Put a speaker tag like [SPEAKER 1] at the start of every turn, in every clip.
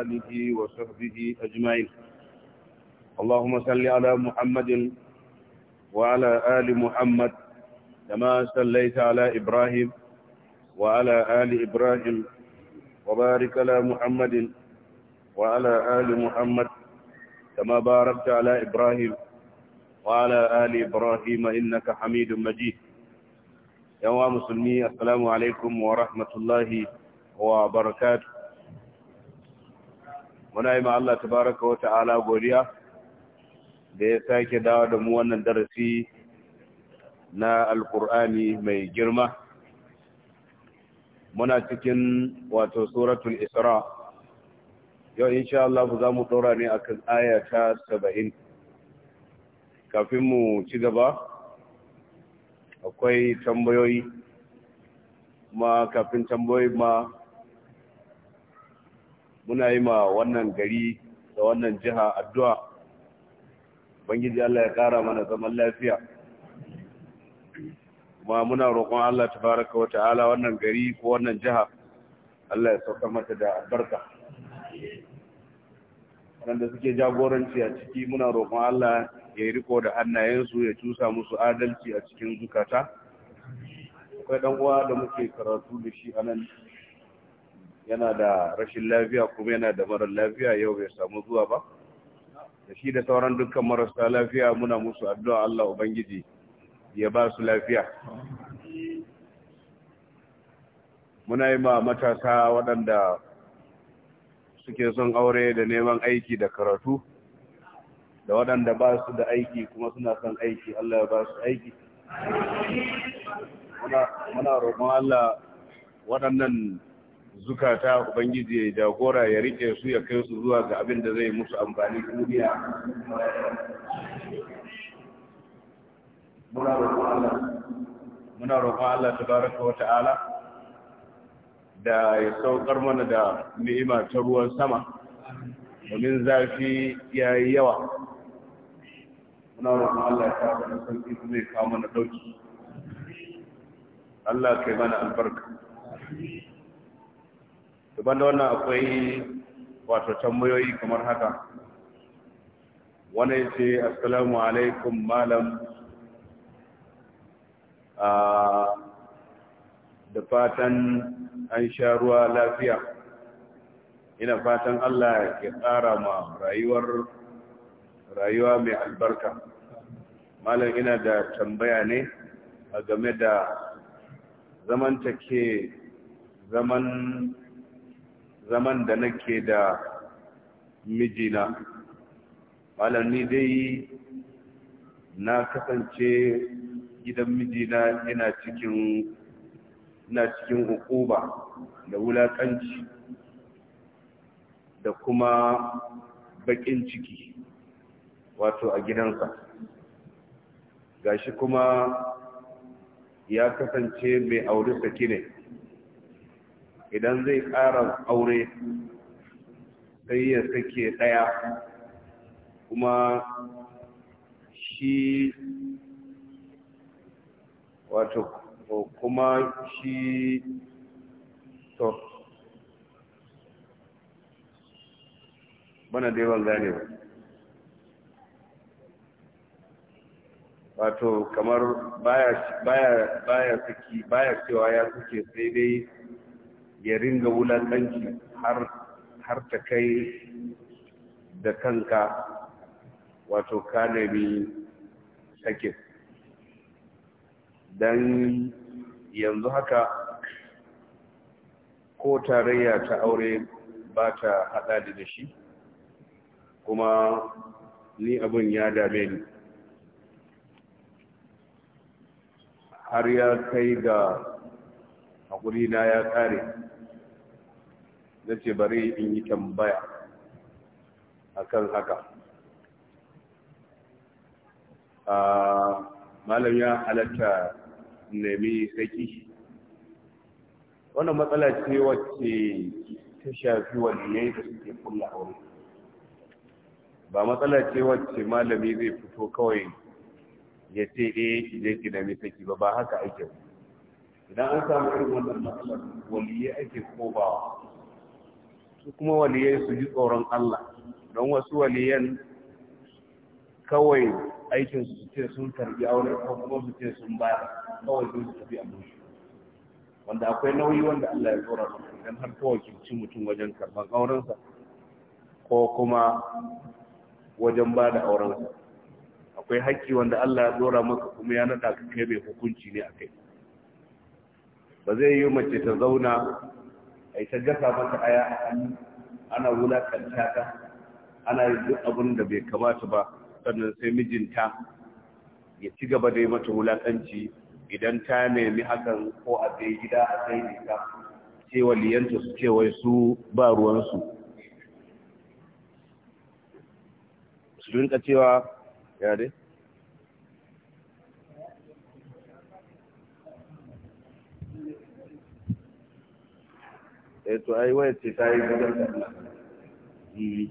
[SPEAKER 1] آله وصحبه أجمعين اللهم صل على محمد وعلى آل محمد كما صليت على إبراهيم وعلى آل إبراهيم وبارك على محمد وعلى آل محمد كما باركت على إبراهيم وعلى آل إبراهيم إنك حميد مجيد يا مسلمي السلام عليكم ورحمة الله وبركاته muna yi ma ta baraka wata ala godiya da ya sake dawo da mu wannan darasi na alkur'ani mai girma muna cikin wato suratul isra yau insha Allah za mu ɗora ne akan aya ta saba'in kafin mu ci gaba akwai tambayoyi ma kafin tambayoyi ma muna yi ma wannan gari da wannan jiha addu'a bangiji Allah ya ƙara mana zaman lafiya kuma muna roƙon Allah tabaraka wa ta'ala wannan gari ko wannan jiha Allah ya sauka mata da albarka wanda suke jagoranci a ciki muna roƙon Allah ya yi riko da hannayensu ya cusa musu adalci a cikin zukata akwai ɗan uwa da muke karatu da shi a nan yana da rashin lafiya kuma yana da marar lafiya yau bai samu zuwa ba da shi da sauran dukkan marasa lafiya muna musu addu'a Allah Ubangiji ya ba su lafiya muna yi ma matasa waɗanda suke son aure da neman aiki da karatu da waɗanda ba su da aiki kuma suna son aiki Allah ya ba su aiki muna roƙon Allah waɗannan zukata ubangiji ya jagora ya rike su ya kai su zuwa ga abin da zai musu amfani duniya muna roƙon Allah baraka wa ta'ala da ya saukar mana da ni'ima ta ruwan sama domin zafi ya yi yawa muna roƙon Allah ta kawo mana sauki zai kawo mana dauki Allah kai mana albarka daban da wannan akwai wato tambayoyi kamar haka wani ce assalamu alaikum malam da fatan an sha ruwa lafiya ina fatan Allah ya tsara ma rayuwar rayuwa mai albarka malam ina da tambaya ne a game da zaman take zaman zaman da nake da mijina ni dai na kasance gidan mijina ina cikin ina cikin hukuba da wulakanci da kuma baƙin ciki wato a gidansa gashi kuma ya kasance mai auri saki ne idan zai ƙara aure sai ya sake ɗaya kuma shi wato kuma shi to bana da yawan gane ba wato kamar baya baya baya saki baya cewa ya suke sai dai ya ringa wulaƙanci har ta kai da kanka wato kanami sakin don yanzu haka ko tarayya ta aure ba ta haɗa da shi kuma ni abin ya dame ni har ya kai ga haƙuri na ya ƙare na ce bari in yi tambaya akan haka ah, malam ya halatta nemi saki wannan matsala ce wacce ta shafi wanne da suke kulla aure ba matsala ce wacce malami zai fito kawai ya ce eh ki je ki nemi saki ba ba haka ake idan an samu irin wannan matsalar waliye ake kobawa su kuma waliyai su ji tsoron Allah don wasu waliyan kawai aikin su ce sun karbi aure ko kuma su ce sun ba kawai sun su tafi abin wanda akwai nauyi wanda Allah ya tsora su idan har kawai kirci mutum wajen karban aurensa ko kuma wajen ba da sa akwai haƙƙi wanda Allah ya tsora maka kuma ya nada ka kai mai hukunci ne a kai ba zai yi mace ta zauna ai ta gasa mata aya a hannu ana wulakanta ta ana yi duk abin da bai kamata ba sannan sai mijinta ya ci gaba da yi mata wulakanci idan ta nemi hakan ko a zai gida a kai ne ta ce waliyanta su ce su ba ruwansu su rinka cewa ya eh to ai waya ce ta yi gudan hmm.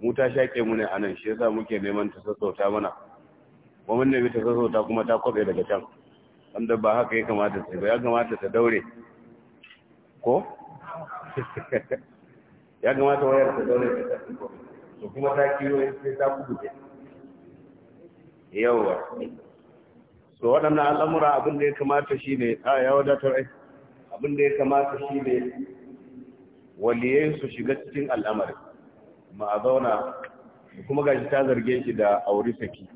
[SPEAKER 1] mu ta shaƙe mu ne a nan shi yasa muke neman ta sassauta mana kuma mun nemi ta sassauta kuma ta kwabe daga can wanda ba haka ya kamata ta ba ya kamata ta daure ko ya kamata wayar ta daure ta tafi to kuma ta kiyo sai ta kubuce Yawwa. to waɗannan al'amura abin da ya kamata shi ne a ya wadatar abin da ya kamata shi ne waliyai su shiga cikin al'amari. ma a zauna kuma gashi ta zarge shi da auri saki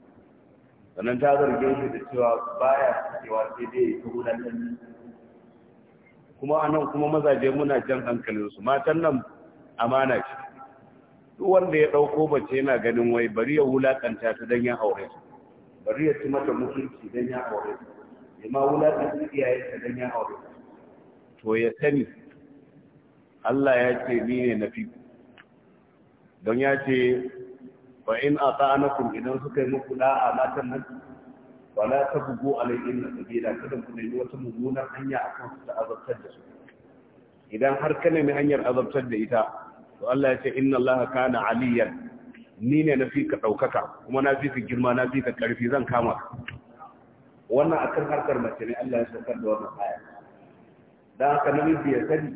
[SPEAKER 1] sannan ta zarge shi da cewa baya cewa sai dai ta gudanar kuma a nan, kuma mazaje muna jan hankalinsu matan nan amana ce duk wanda ya dauko bace yana ganin wai bari ya wulakanta ta dan ya aure bari ya ci mata mutunci dan ya aure ya ma wulakanta iyayen ta dan ya aure to ya sani Allah ya ce ni ne na fi don ya ce ba in a ta'anakun idan suka yi muku da'a matan nan ba na ta bugu alaikin na sabila kada ku nemi wata mummunar hanya a kan ta azabtar da su idan har ka nemi hanyar azabtar da ita to Allah ya ce inna Allah kana aliyan ni ne na fi ka ɗaukaka kuma na fi ka girma na fi ka ƙarfi zan kama wannan akan harkar mace ne Allah ya saukar da wannan aya dan haka namiji ya sani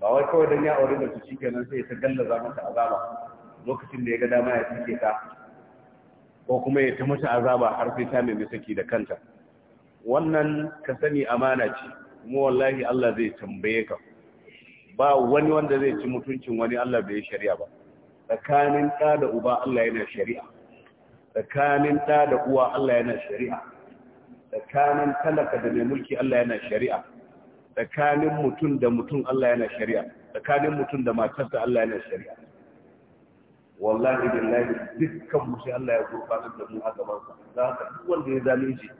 [SPEAKER 1] ba wai kawai don ya aure da su kenan sai ta gallaza mata azaba lokacin da ya ga dama ya cike ta ko kuma ya ta mata azaba har sai ta mai saki da kanta wannan ka sani amana ce mu wallahi Allah zai tambaye ka ba wani wanda zai ci mutuncin wani Allah bai shari'a ba tsakanin ɗa da uba Allah yana shari'a tsakanin ɗa da uwa Allah yana shari'a tsakanin talaka da mai mulki Allah yana shari'a tsakanin mutum da mutum Allah yana shari'a tsakanin mutum da matarsa Allah yana shari'a wallahi billahi dukkan mu sai Allah ya gurbatar da mu a gaban sa za ka duk wanda ya zame shi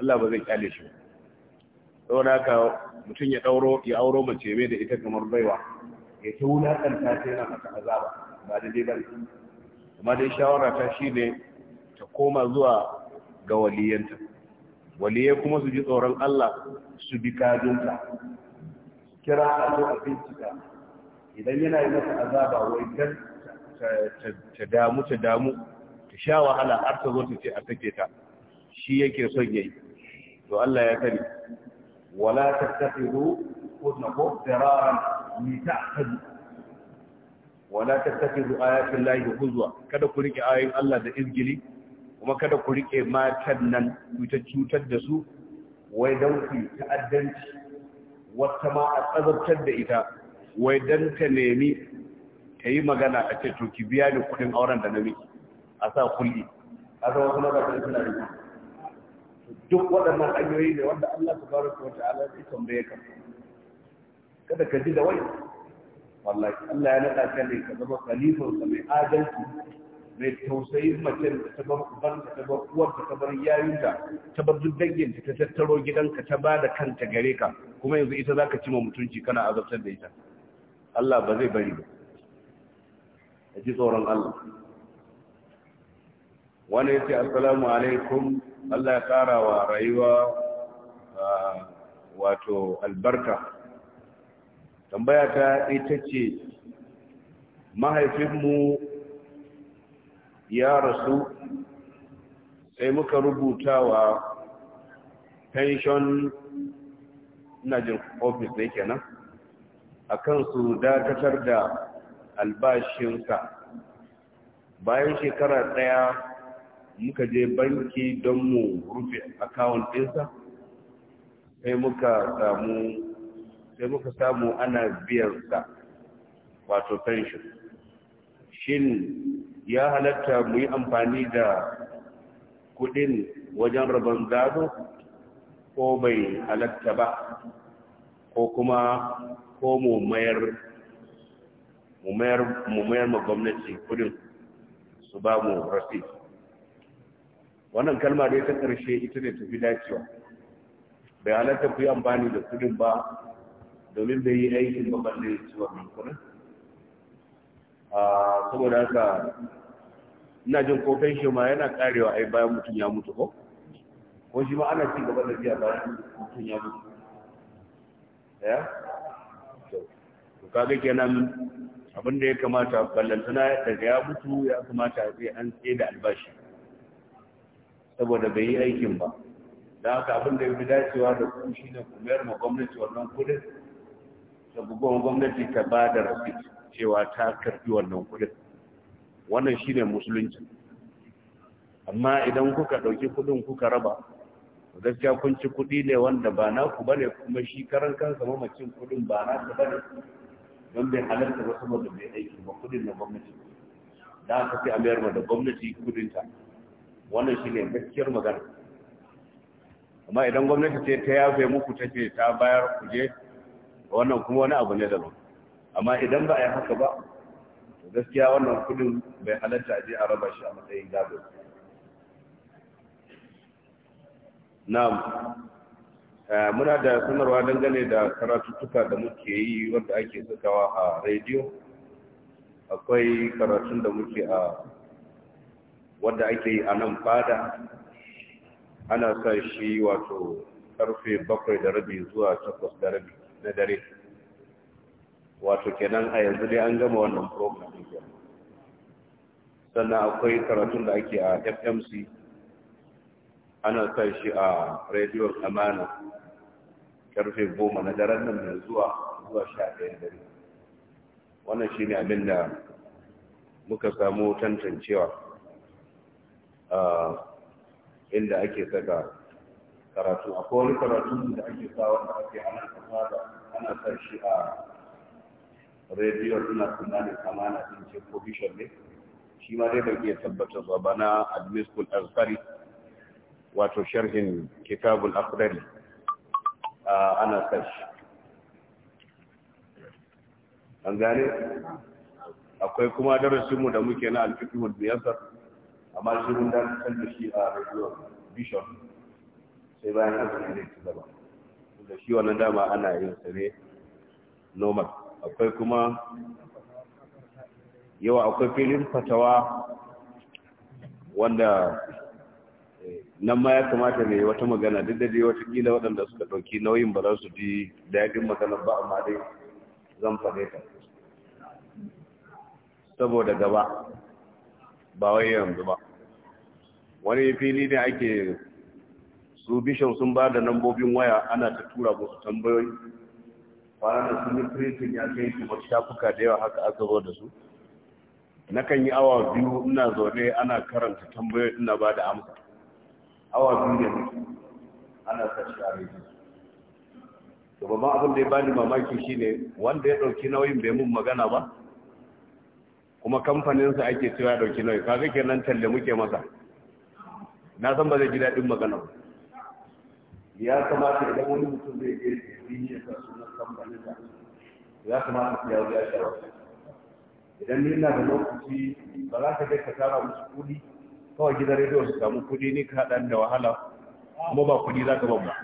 [SPEAKER 1] Allah ba zai kyale shi don haka mutum ya dauro ya auro mace mai da ita kamar baiwa ya ta kan ta yana maka azaba ba daidai ba amma dai shawara ta shine ta koma zuwa ga waliyanta waliye kuma su ji tsoron Allah su bi kadinka kira a zo a bincika idan yana yi masa azaba wai kan ta damu ta damu ta sha wahala har ta zo ta ce a take ta shi yake son yayi to Allah ya kare wala tattakhidhu kunna qadran li ta'khudhu wala tattakhidhu ayati llahi huzwa kada ku rike ayoyin Allah da izgili kuma kada ku rike matan nan ku ta cutar da su wai don ku ta'addanci wata ma a tsazabtar da ita wai don ta nemi ta yi magana a ce to ki biya ni kudin auren da na miki a sa kulli a sa wasu magana suna da duk waɗannan hanyoyi ne wanda Allah ta bari ko ala ya tambaye ka kada ka ji da wai wallahi Allah ya naɗa ka ne ka zama khalifar sa mai adalci mai tausayin macen da ta bar ta bar uwarta ta bar yayinta ta bar duk danginta ta tattaro gidanka ta ba da kanta gare ka kuma yanzu ita zaka ka cima mutunci kana azabtar da ita Allah ba zai bari ba aji ji tsoron Allah wani ya ce assalamu alaikum Allah ya kara wa rayuwa wato albarka tambaya ta ita ce mahaifinmu ya rasu sai muka rubuta wa pension najin office yake kenan a kansu dakatar da albashinsa bayan shekara daya muka je banki don mu rufe akawun ɗinsa sai muka samu sai muka samu ana biyansa wato pension shin ya halatta mu yi amfani da kudin wajen rabon gado ko bai halatta ba ko kuma ko mu mayar mu mayar ma gwamnati kudin su ba mu rafi wannan kalma dai ta ƙarshe ita ne tafi dacewa bai halatta ku yi amfani da kudin ba domin bai yi aikin babban da ya ci wannan kudin ah, saboda haka ina jin ko shi ma yana karewa ai bayan mutum ya mutu ko ko shi ma ana ci gaba da biya bayan mutum ya mutu ya to kaga kenan abin da ya kamata ballantana daga ya mutu ya kamata a an tsaye da albashi saboda bai yi aikin ba da haka abin da ya fi dacewa da ku shi ne mayar ma gwamnati wannan kudin da gwamnati ta ba da rasit cewa ta karfi wannan kudin wannan shine musulunci amma idan kuka ɗauki kuɗin kuka raba gaskiya kun ci kuɗi ne wanda ba naku bane kuma shi karan kansa mamacin kuɗin ba naku bane don bai halarta ba saboda bai aiki ba kuɗin na gwamnati da aka fi amayar da gwamnati ta wannan shi ne gaskiyar magana amma idan gwamnati ce ta yafe muku ta ce ta bayar kuje wannan kuma wani abu ne daban amma idan ba a yi haka ba gaskiya wannan kudin bai halatta a je a raba shi a matsayin gado na'am eh, muna da sanarwa dangane da karatuttuka da muke yi wanda ake sakawa a rediyo akwai karatun da muke a wanda ake yi a nan fada ana sa shi wato karfe bakwai da rabi zuwa takwas da rabi na dare wato kenan a yanzu dai an gama wannan program ɗin sannan akwai karatun da ake a FMC ana sa shi a radio amana karfe goma na daren nan mai zuwa zuwa sha ɗaya dare wannan shi ne abin da muka samu tantancewa inda ake saka karatu akwai wani karatu da ake sa wanda ake ana da ana sa shi a rediyo suna tunanin kama na sun ce ko ne shi ma dai bai iya tabbatar ba bana admiskul alkari wato sharhin kitabul akhdari ana sashi an gane akwai kuma darasinmu da muke na alfikihul biyasar amma shi mun dakatar da shi a rediyo bishop sai bayan azumi ne ci da shi wannan dama ana yin sa normal akwai kuma yawa akwai filin fatawa wanda eh, nan ma ya kamata ne wata magana duk da dai watakila waɗanda suka ɗauki nauyin ba za su ji daɗin magana ba amma dai zan faɗe ta saboda gaba ba wai yanzu ba wani fili ne ake su bishan sun ba da lambobin waya ana ta tura musu tambayoyi kwanan da sun yi printing ya kai su wata shafuka da yawa haka aka zo da su nakan yi awa biyu ina zaune ana karanta tambayoyi ina ba da amsa awa biyu ne ana sashi a rai to ma abin da ya bani mamaki shine wanda ya ɗauki nauyin bai mun magana ba kuma kamfaninsa ake cewa ya ɗauki nauyi kaga kenan talle muke masa na san ba zai ji dadin magana ba ya kamata idan wani mutum zai je ya ya sa suna kamfani da ya kamata ya ya shawar idan ni na da lokaci ba za ka je ka tara musu kuɗi kawai gidan rediyo su samu kuɗi ne ka haɗa da wahala kuma ba kuɗi za ka ban ba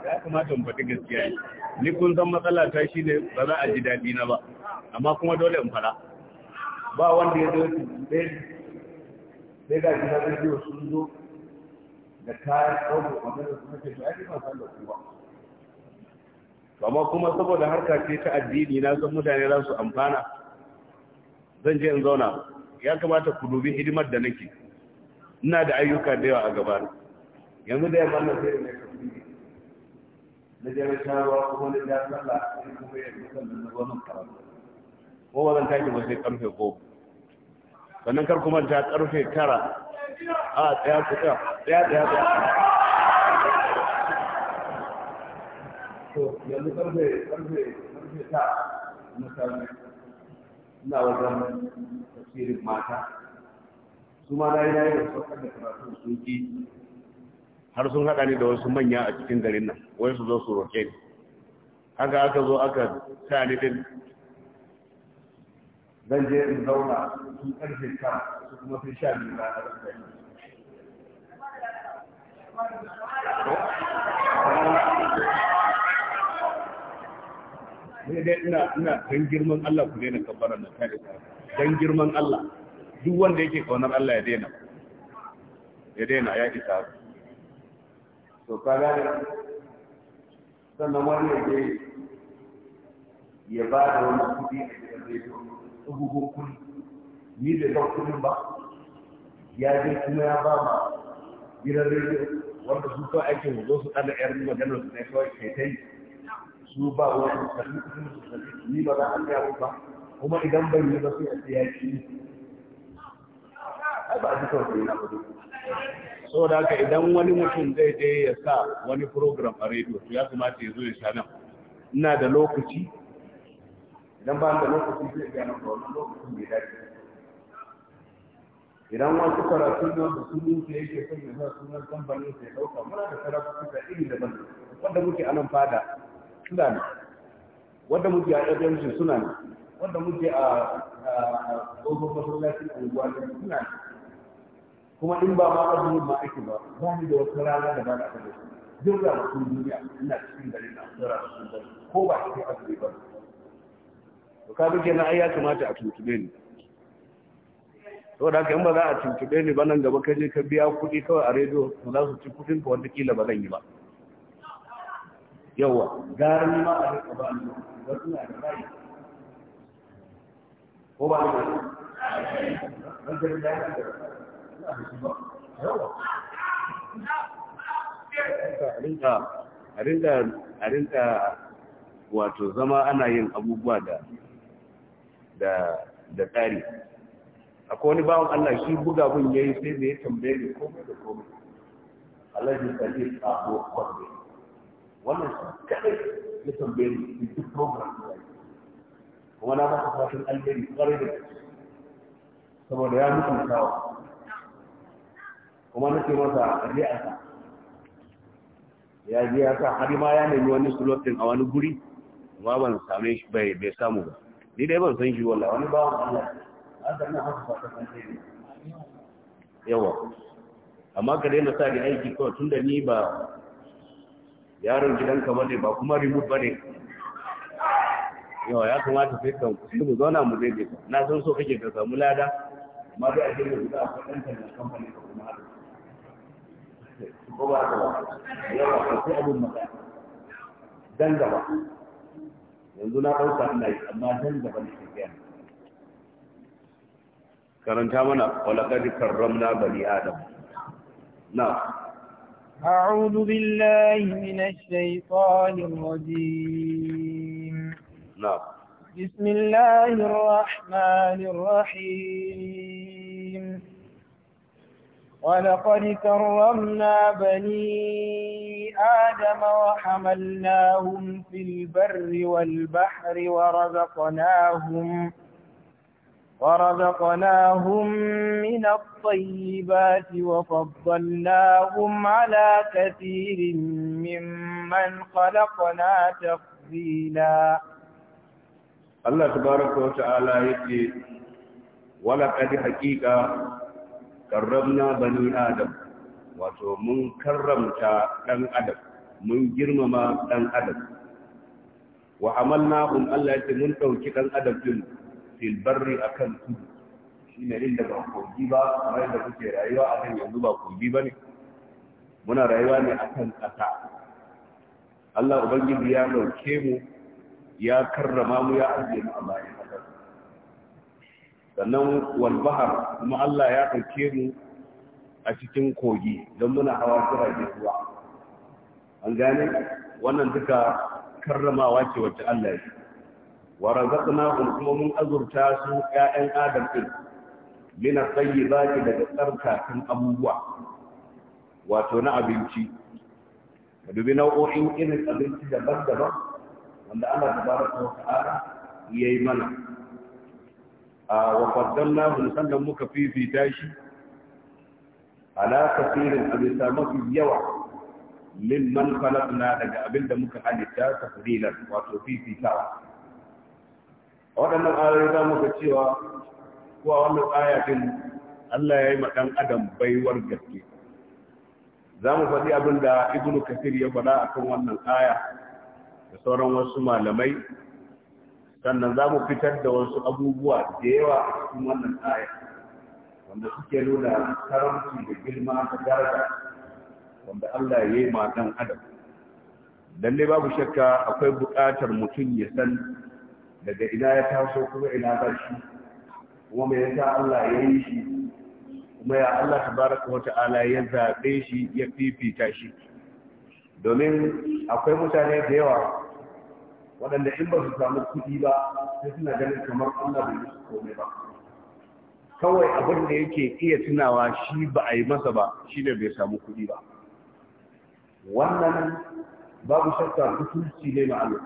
[SPEAKER 1] ya kamata in faɗi gaskiya ne. ni kun san matsala ta shi ne ba za a ji daɗi na ba amma kuma dole in fara ba wanda ya zo ɗaya sai ga gidan rediyo sun zo da kayan ɗauko magana su nake to ai ba da amma kuma saboda harka ce ta addini na san mutane za su amfana zan je in zauna ya kamata ku dubi hidimar da nake ina da ayyuka da yawa a gaba yanzu da yamma na sai da nake na jami'a shawarwa kuma na ja sallah sai kuma ya musallan na zo nan karatu ko ba zan tashi ba sai karfe goma sannan kar kuma ta karfe tara a tsaya ku tsaya tsaya tsaya to yanzu karfe karfe karfe ta na sami ina wajen tafsirin mata su ma na yi na yi da su kan da karatu sun ki har sun haɗa ni da wasu manya a cikin garin nan wai su zo su roƙe. ni haka aka zo aka sa ni din zan je in zauna sun karfe ka su kuma sun sha biyu na ƙarfe ne dai ina ina dan girman Allah ku daina kabbara na kare dan girman Allah duk wanda yake kaunar Allah ya daina ya daina ya isa to kaga sannan wani ya je ya ba da wani kudi a gidan rediyo ɗugugo kuɗi ni ba ba ya je kuma ya ba ma gidan rediyo wanda su kawai aikin zo su da ƴar maganar su ne kawai kai su ba wani sarki su ni ba za a ba kuma idan ban yi ba sai a tsaya
[SPEAKER 2] ai ba a ji kawai na ba
[SPEAKER 1] saboda haka idan wani mutum zai je ya sa wani program a rediyo to ya kamata ya zo ya sha nan ina da lokaci Idan ba da lokacin zai ga nan ba wani lokacin bai dace
[SPEAKER 2] idan wasu karatun
[SPEAKER 1] nan da sunan da yake son ya sa sunan kamfanin sai dauka muna da karatu da iri daban wanda muke a nan fada suna ne wanda muke a FMC suna ne wanda muke a tsohon masallacin unguwa suna ne kuma in ba ma azumin ma ake ba ba ni da wata rana da ba na azumin duk da mutum duniya ina cikin gari na tsara cikin gari ko ba cikin azumi ba
[SPEAKER 2] kaga kenan ai ya kamata
[SPEAKER 1] a tuntube ni saboda haka in ba za a tuntube ni ba nan gaba kai ka biya kuɗi kawai a rediyo to za su ci kuɗin ka wanda kila ba zan yi ba yawa garin ma a rika ba ni ba suna da rai ko ba ni ba ne da ya yi da a rinka wato zama ana yin abubuwa da da da tsari akwai wani bawan Allah shi buga mun yayi sai da ya tambaye ni komai da komai Allah ya sani a ko kwande wannan kadai ya tambaye ni duk program da kuma na masa fatan alheri kwarai da saboda ya mutunta wa kuma ce masa aje a sa ya je ya sa har ma ya nemi wani slotin din a wani guri amma ban same shi bai bai samu ba ni dai ban san shi wallahi wani Allah ina
[SPEAKER 2] ba ta
[SPEAKER 1] yawa amma ka daina sa ni aiki kawai da ni ba yaron gidanka bane ba kuma ba ne. yawa ya kamata sai kan sai mu zauna mu daidai na san so kake ka samu lada amma dai a cikin guda akwai ɗan tallan kamfani ka kuma haka ko ba ka ba yawa sai abin maka dan gaba yanzu na ɗauka ina yi amma dan gaba ne tafiya karanta mana walaqad karramna bani adam na أعوذ بالله من الشيطان الرجيم نعم بسم الله الرحمن الرحيم ولقد كرمنا بني آدم وحملناهم في البر والبحر ورزقناهم ورزقناهم من الطيبات وفضلناهم على كثير ممن خلقنا تفضيلا الله تبارك وتعالى يقول ولقد حقيقة karramna bani adam wato mun karramta dan adam mun girmama dan adam wa hum Allah ya ce mun dauki dan adam din fil barri akan tudu shine inda ba kogi ba kamar da kuke rayuwa a kan yanzu ba kogi bane muna rayuwa ne akan kasa Allah ubangiji ya dauke mu ya karrama mu ya ajiye mu a bayan sannan walbahar kuma Allah ya ɗauke mu a cikin kogi don muna hawa jiragen ruwa an gane wannan duka karramawa ce wacce Allah ya wa razaqna hum kuma mun azurta su 'ya'yan adam din min at ki daga tsarka tsarkakan abubuwa wato na abinci ka dubi nau'o'in irin abinci daban-daban wanda Allah tabaraka wa ta'ala yayi mana wa faddallahu sannan muka fifita shi ala kafirin abisa mafi yawa min man khalaqna daga abinda muka halitta tafdilan wato fifitawa waɗannan ayoyi za mu ga cewa ko a wannan aya din Allah ya yi ma ɗan adam baiwar gaske za mu faɗi abin da ibnu kasir ya faɗa akan wannan aya da sauran wasu malamai sannan za mu fitar da wasu abubuwa da yawa a cikin wannan aya wanda suke nuna karamci da girma da daraja wanda Allah ya yi ma adam lalle babu shakka akwai buƙatar mutum ya san daga ina ya taso kuma ina ba shi kuma me yasa Allah ya yi shi kuma ya Allah tabaraka wa ta'ala ya zaɓe shi ya fifita shi domin akwai mutane da yawa waɗanda in ba su samu kuɗi ba sai suna ganin kamar Allah bai musu komai ba kawai abin da yake iya tunawa shi ba a yi masa ba shi ne bai samu kuɗi ba wannan babu shakka kusurci ne ma'alu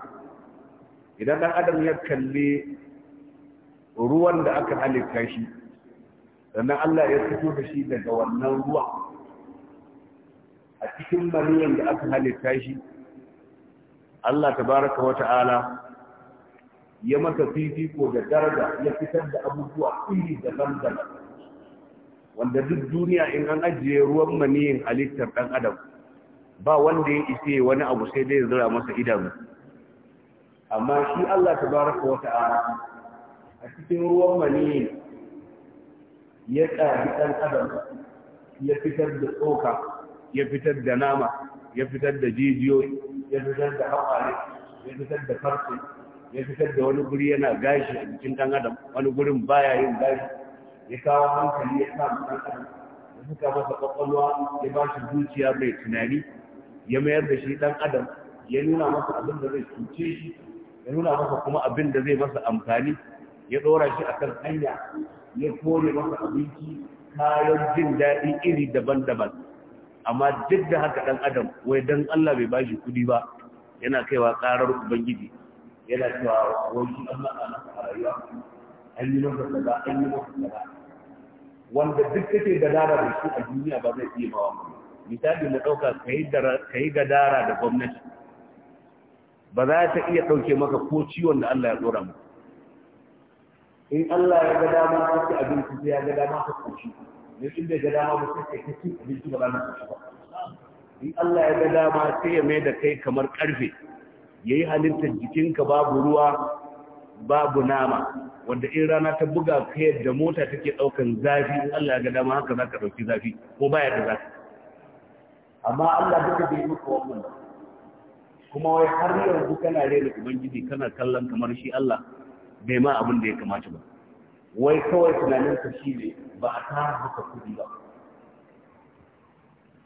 [SPEAKER 1] idan ɗan adam ya kalli ruwan da aka halitta shi sannan Allah ya fito da shi daga wannan ruwa a cikin maniyan da aka halitta shi Allah tabaraka wa ta'ala ya maka fifiko da daraja ya fitar da abubuwa iri daban-daban wanda duk duniya in an ajiye ruwan maniyin halittar ɗan adam ba wanda ya ise wani abu sai dai zura masa idanu amma shi Allah tabaraka wa ta'ala a cikin ruwan maniyin ya tsari ɗan adam ya fitar da tsoka ya fitar da nama ya fitar da jijiyoyi ya fitar da haƙware ya fitar da farce ya fitar da wani guri yana gashi a cikin ɗan adam wani gurin baya yin gashi ya kawo hankali ya sa ɗan adam ya suka masa ƙwaƙwalwa ya ba shi zuciya mai tunani ya mayar da shi ɗan adam ya nuna masa abin da zai cuce shi ya nuna masa kuma abin da zai masa amfani ya ɗora shi akan hanya ya kore masa abinci kayan jin daɗi iri daban-daban amma duk da haka dan adam wai dan Allah bai bashi kudi ba yana kaiwa karar ubangiji yana cewa wani Allah ana rayuwa an yi masa kaza an yi masa kaza wanda duk kake ke da shi a duniya ba zai iya bawa misali mu dauka kai gadara da gwamnati ba za ta iya dauke maka ko ciwon da Allah ya dora maka in Allah ya ga dama ka abinci sai ya ga dama ka koshi ne inda ga dama ba sai ka ci abinci ba za ka ba in Allah ya ga dama sai ya mai da kai kamar karfe yayi halittar jikinka babu ruwa babu nama wanda in rana ta buga ka yadda mota take ɗaukan zafi in Allah ya ga dama haka zaka ɗauki zafi ko baya da zafi amma Allah duka bai maka wannan kuma wai har yanzu kana rena ubangiji kana kallon kamar shi Allah bai ma abin da ya kamata ba wai kawai tunanin shi ne ba a tara haka kuɗi ba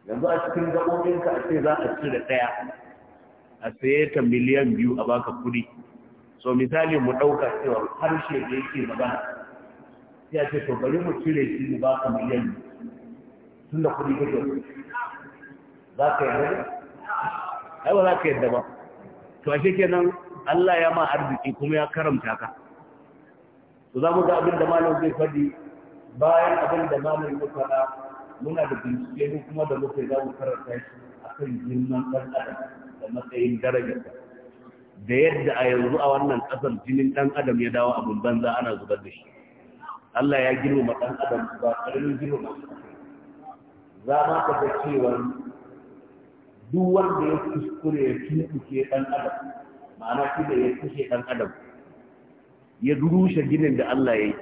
[SPEAKER 1] yanzu a cikin gaɓoɓinka a ce za a ci da ɗaya a saye ta miliyan biyu a baka kuɗi so misali mu ɗauka cewa harshe da yake magana ya ce to bari mu cire shi mu baka miliyan biyu tun da kuɗi kake za ka yarda ai ba za ka yarda ba to ashe kenan Allah ya ma arziki kuma ya karamta ka to za mu ga abin da malam zai faɗi bayan abin da malam ya faɗa muna da bincike ne kuma da muka za mu karanta shi kan girman ɗan adam da matsayin darajarsa da yadda a yanzu a wannan ƙasar jinin ɗan adam ya dawo abin banza ana zubar da shi Allah ya girmama ɗan adam ba ƙaramin girma za ma ka ga cewa duk wanda ya kuskure ya tumɓuke ɗan adam ma'ana shi da ya kushe ɗan adam ya durushe ginin da Allah ya yi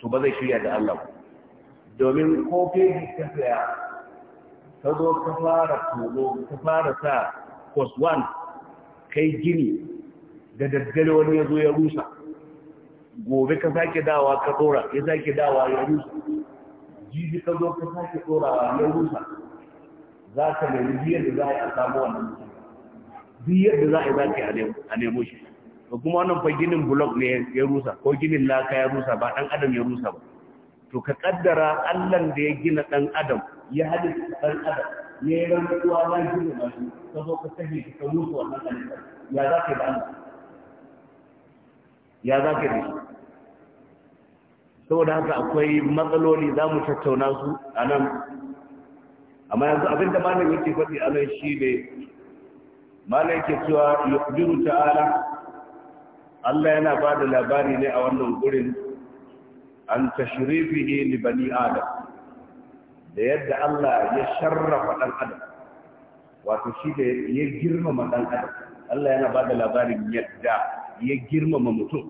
[SPEAKER 1] to ba zai shirya da Allah domin ko feji ta saya ka zo ka fara tolo ka fara sa course one kai gini da daddare wani ya zo ya rusa gobe ka sake dawa ka dora ya sake dawa ya rusa jiji ka zo ka sake dorawa ya rusa za ka nemi biyar da za a samu wannan mutum biyar da za a yi za ka yi a nemo shi kuma wannan fa ginin blog ne ya rusa ko ginin laka ya rusa ba dan adam ya rusa ba to ka kaddara Allah da ya gina dan adam ya halitta dan adam ne ran kuwa ya gina ba shi ka zo ka sahi ka rusa wannan halitta ya za ka yi da ya za ka yi saboda haka akwai matsaloli za mu tattauna su a nan amma yanzu abin da malam yake faɗi a nan shi ne malam yake cewa yuqdiru ta'ala Allah yana ba da labari ne a wannan gurin an tashrifihi li bani adam da yadda Allah ya sharrafa dan adam wato shi da ya girmama dan adam Allah yana ba da labarin yadda ya girmama mutum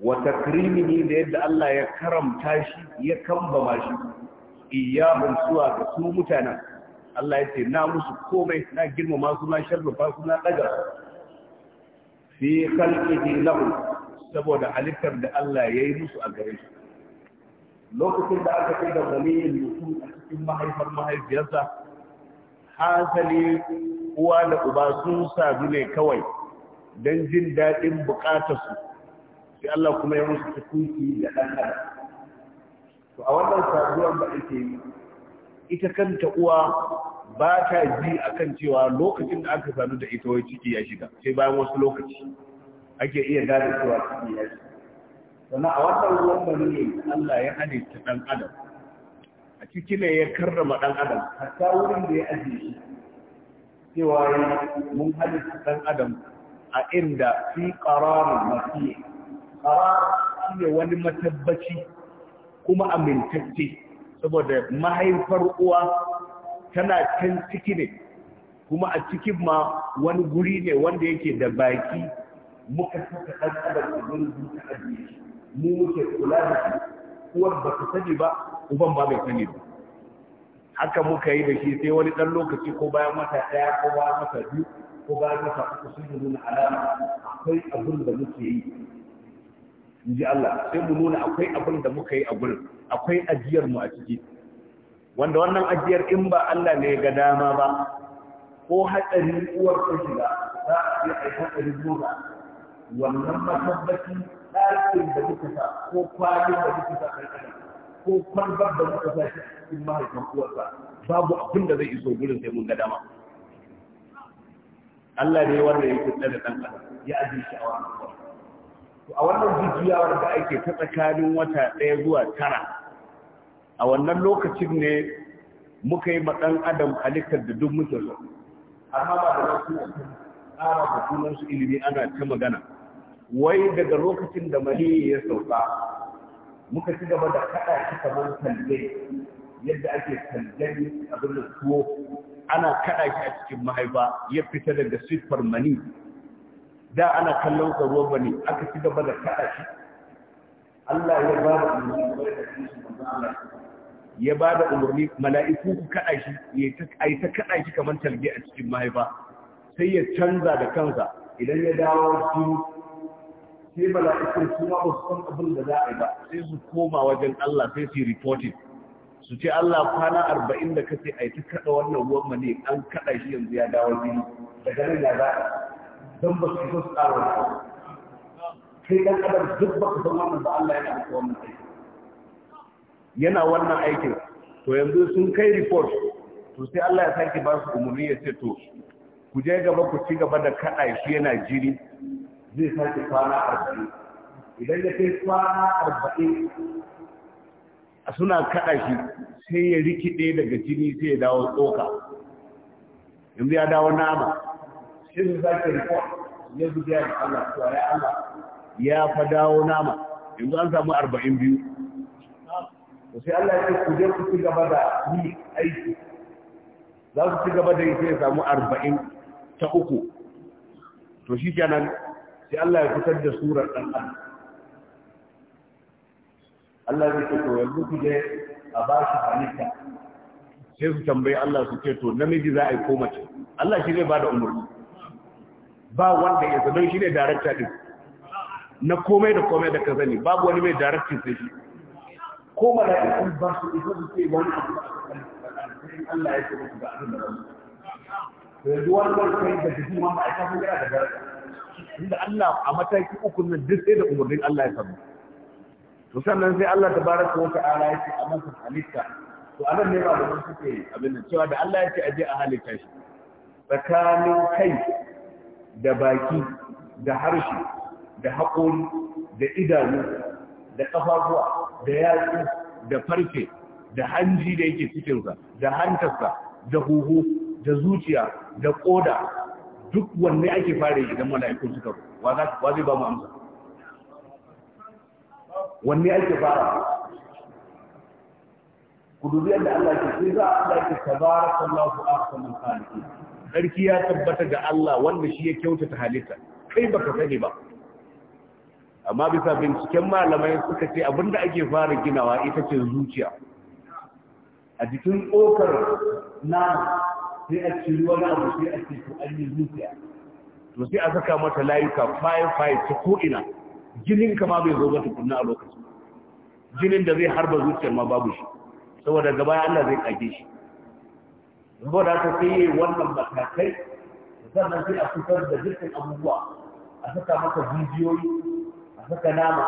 [SPEAKER 1] wa takrimihi da yadda Allah ya karamta shi ya kambama shi iyahum suwa ga su mutanen Allah ya ce na musu komai na girmama su na sharrafa su na daga fi kalkihi lahu saboda halittar da Allah ya yi musu a gare su lokacin da aka kai da maniyin mutum a cikin mahaifar mahaifiyarsa hasali uwa da uba sun sadu ne kawai don jin daɗin su, sai Allah kuma ya musu tukunki da ɗan adam to a wannan saduwar da ake yi ita kanta uwa ba ta ji a kan cewa lokacin da aka sanu da ita wai ciki ya shiga sai bayan wasu lokaci ake iya gane cewa ciki ya shiga sannan a wannan ruwan ne Allah ya halitta dan adam a ciki ne ya karrama ɗan adam hatta wurin da ya ajiye shi cewa mun halitta ɗan adam a inda fi qararin mafi shi ne wani matabbaci kuma amintacce saboda mahaifar uwa tana can ciki ne kuma a cikin ma wani guri ne wanda yake da baki muka saka ɗan adam da gurin zuta a mu muke kula da shi uwar ba ta sani ba uban ba bai sani ba haka muka yi da shi sai wani ɗan lokaci ko bayan wata ɗaya ko ba wata biyu ko ba wata uku sun nuna alama akwai abin da muke yi in ji Allah sai mu nuna akwai abin da muka yi a gurin akwai ajiyar mu a ciki wanda wannan ajiyar in ba Allah ne ga dama ba ko haɗari uwar ta shiga za a je a yi haɗari zuwa wannan matabbaci ɗakin da muka sa ko kwalin da muka sa ƙarƙarin ko kwalbar da muka sa shi cikin mahaifin uwarsa babu abin da zai iso gurin sai mun ga dama Allah ne wanda yake da ɗan ƙasa ya ajiye shi a wannan To a wannan jujjuyawar da ake ta tsakanin wata ɗaya zuwa tara a wannan lokacin ne muka yi maɗan adam halittar da duk muke so amma ba da wasu tsara da sunansu ilimi ana ta magana wai daga lokacin da mahi ya sauka muka ci gaba da kaɗa shi kamar talle yadda ake tallen abin da tuwo ana kaɗa shi a cikin mahaifa ya fita daga siffar mani da ana kallon tsaro ruwan bane aka ci gaba da kada shi Allah ya ba da umarni ya ba da umarni mala'iku ku kada shi ya ta ta kada shi kamar talge a cikin mahaifa sai ya canza da kansa idan ya dawo shi sai mala'iku su ma ba su san abin da za a yi ba sai su koma wajen Allah sai su reporting su ce Allah kwana arba'in da kace ai ta kada wannan ruwan mali an kada shi yanzu ya dawo jini daga nan ya za don ba su su tsara wani sai ɗan adam duk ba ka san wannan ba Allah yana da wannan aiki yana wannan aikin to yanzu sun kai report to sai Allah ya sake ba su umarni ya ce to ku je gaba ku ci gaba da kaɗa shi yana jiri zai sake kwana arba'in idan ya kai kwana arba'in suna kaɗa shi sai ya rikide daga jini sai ya dawo tsoka yanzu ya dawo nama za zaki riko ya zubi ya Allah to ya Allah ya fa dawo nama yanzu an samu arba'in biyu to sai Allah ya ce ku je ku ci gaba da ni aiki za su ci gaba da yi sai samu arba'in ta uku to shi kenan sai Allah ya fitar da surar dan Allah Allah zai ce to yanzu ku je a ba shi halitta sai su tambayi Allah su ce to namiji za a yi ko mace Allah shi zai ba da umarni ba wanda ya zama shi ne darakta ɗin na komai da komai da ka sani babu wani mai daraktin sai shi ko mala'ikun ba su isa su ce wani abu da Allah ya ce musu ga abin da ba su yanzu wani wani kai da jikin wanda aika sun gara da inda Allah a mataki uku nan duk sai da umarnin Allah ya samu to sannan sai Allah ta tabaraka wata ala ya ce a masa halitta to a nan ne ba da suke abin da cewa da Allah ya ce aje a halitta shi tsakanin kai da baki da harshe da haƙori da idanu da ƙafafuwa da yatsu da farfe da hanji da yake cikinsa da hantarsa da huhu da zuciya da ƙoda duk wanne ake fara yi idan mala'ikun suka wa zai ba mu amsa wanne ake fara ku dubi yadda Allah ke sai za a Allah ke tabaraka Allahu ahsanul khaliqin sarki ya tabbata ga Allah wanda shi ya kyautata halitta kai baka sani ba amma bisa binciken malamai suka ce abinda ake fara ginawa ita ce zuciya a jikin kokar na sai a ci wani abu sai a cikin an yi zuciya to sai a saka mata layuka faye ta ko'ina jinin kama bai zo ba tukunna a lokacin jinin da zai harba zuciyar ma babu shi saboda gaba Allah zai kage shi ba da ta sai wannan matakai sannan sai a fitar da dukkan abubuwa a saka maka bidiyoyi a saka nama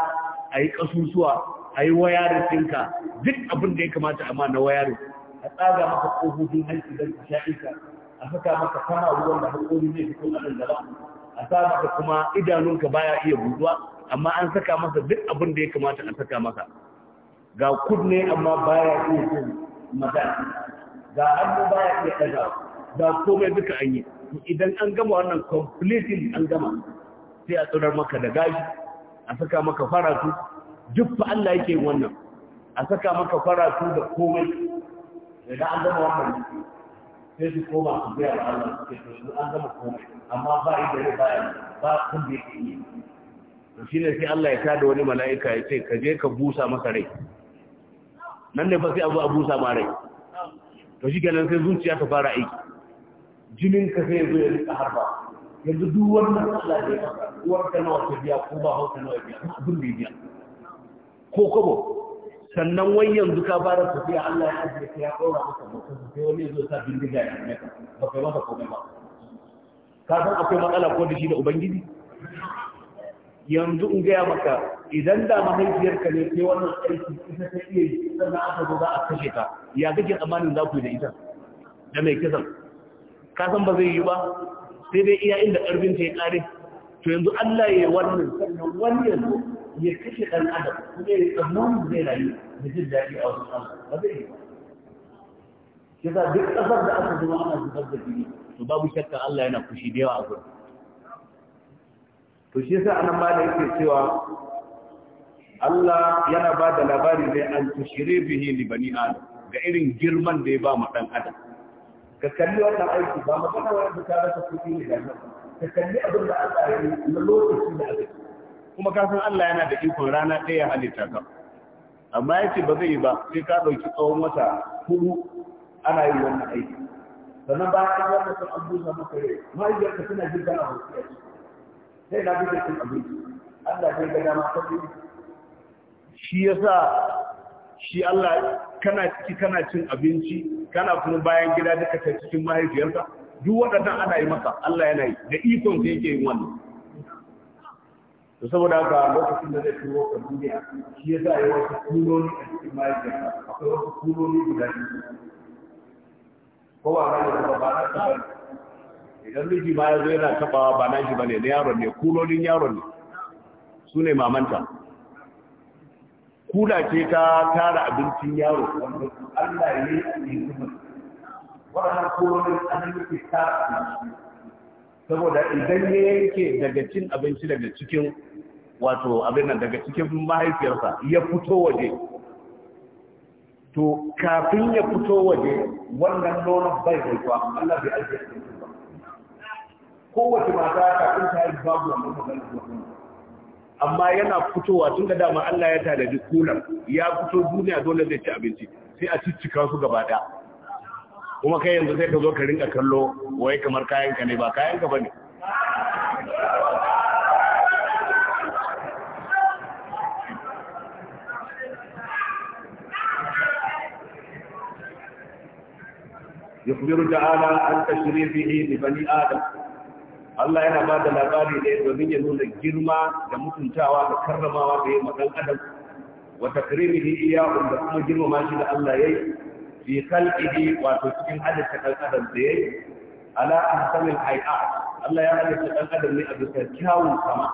[SPEAKER 1] a yi ƙasusuwa a yi wayarin ɗinka duk abin da ya kamata amma na wayarin a tsaga maka ƙofofin hanci don ka sha'inka a saka maka kama ruwan da haƙori zai fito a nan gaba a sa maka kuma idanunka baya iya buɗuwa amma an saka masa duk abin da ya kamata a saka maka ga kunne amma baya iya jin magana ga hannu ya iya ɗaga da komai duka an yi idan an gama wannan completely an gama sai a tsirar maka da gashi a saka maka faratu duk fa Allah yake wannan a saka maka faratu da komai da an gama wannan sai su koma su biya da Allah suke to su an gama komai amma ba idan ba ba kun da yake yi to shine sai Allah ya tada wani mala'ika ya ce ka je ka busa maka rai nan ne fa sai abu a busa ma rai to shi kenan sai zuciya ta fara aiki jinin ka sai zo ya rika harba yanzu duk wannan Allah da ya fara uwar ta nawa ta biya ko ba hauka nawa biya abin da biya ko kobo sannan wai yanzu ka fara tafiya Allah ya ajiye ka ya kaura maka mutum sai wani zo sa bindiga ya maka ba kai masa komai ba ka san akwai matsala ko da shi da ubangiji yanzu in gaya maka idan da mahaifiyarka ne sai wannan aiki ita ta iya yi sannan aka zo za a kashe ka ya kake tsammanin za ku yi da ita da mai kisan ka san ba zai yi ba sai dai iya inda ƙarfin ta ya ƙare to yanzu Allah ya wannan sannan wani yanzu ya kashe ɗan adam kuma ya tsammanin zai rayu da jin daɗi a wasu Allah ba zai yi ba shi duk ƙasar da aka zama ana zubar da jini to babu shakka Allah yana fushi da yawa a gurin to shi yasa anan ba da yake cewa Allah yana ba da labari ne an tushire bihi li bani adam ga irin girman da ya ba mu dan adam ka kalli wannan aiki ba magana wa da ka rasa kuɗi ne da ka kalli abin da Allah ya yi na lokaci da aka kuma ka san Allah yana da ikon rana ɗaya halitta ka amma ya ce ba zai yi ba sai ka ɗauki tsawon wata hudu ana yin wannan aiki sannan ba an yi wannan sun an maka rai ma'aikata suna jin gana wasu sai na bude cin abinci Allah zai ga dama ta shi yasa shi Allah kana ciki kana cin abinci kana kuma bayan gida duka ta cikin mahaifiyarsa. duk waɗannan ana yi masa, Allah yana yi da ikon sai yake yin wannan to saboda haka lokacin da zai turo ka duniya shi ya sa yi wasu kuloni a cikin mahaifiyarka akwai wasu kuloni guda biyu kowa ranar da ba na ta idan miji ma ya zo yana tabawa ba nashi bane na yaron ne kulolin yaron ne su ne mamanta kula ce ta tara abincin yaro wanda Allah ya yi wannan kulolin an yi ta saboda idan ya yanke daga cin abinci daga cikin wato abin nan daga cikin mahaifiyarsa ya fito waje to kafin ya fito waje wannan nonon bai kwa Allah bai ajiye kowace mata kafin ta yi babu wannan magana da kuma amma yana fitowa tun da dama Allah ya duk kulan ya fito duniya dole zai ci abinci sai a ciccika su gaba daya kuma kai yanzu sai ka zo ka rinka kallo wai kamar kayan ka ne ba kayan ka bane يخبر تعالى عن تشريفه لبني آدم Allah yana ba da labari ne domin ya nuna girma da mutuntawa da karramawa da ya maɗan adam wa takrimihi iya da kuma girmama shi da Allah yi fi khalqihi wato cikin halitta ɗan adam da yayi ala ahsanil hay'a Allah ya halitta ɗan adam ne a bisa kyawun kama,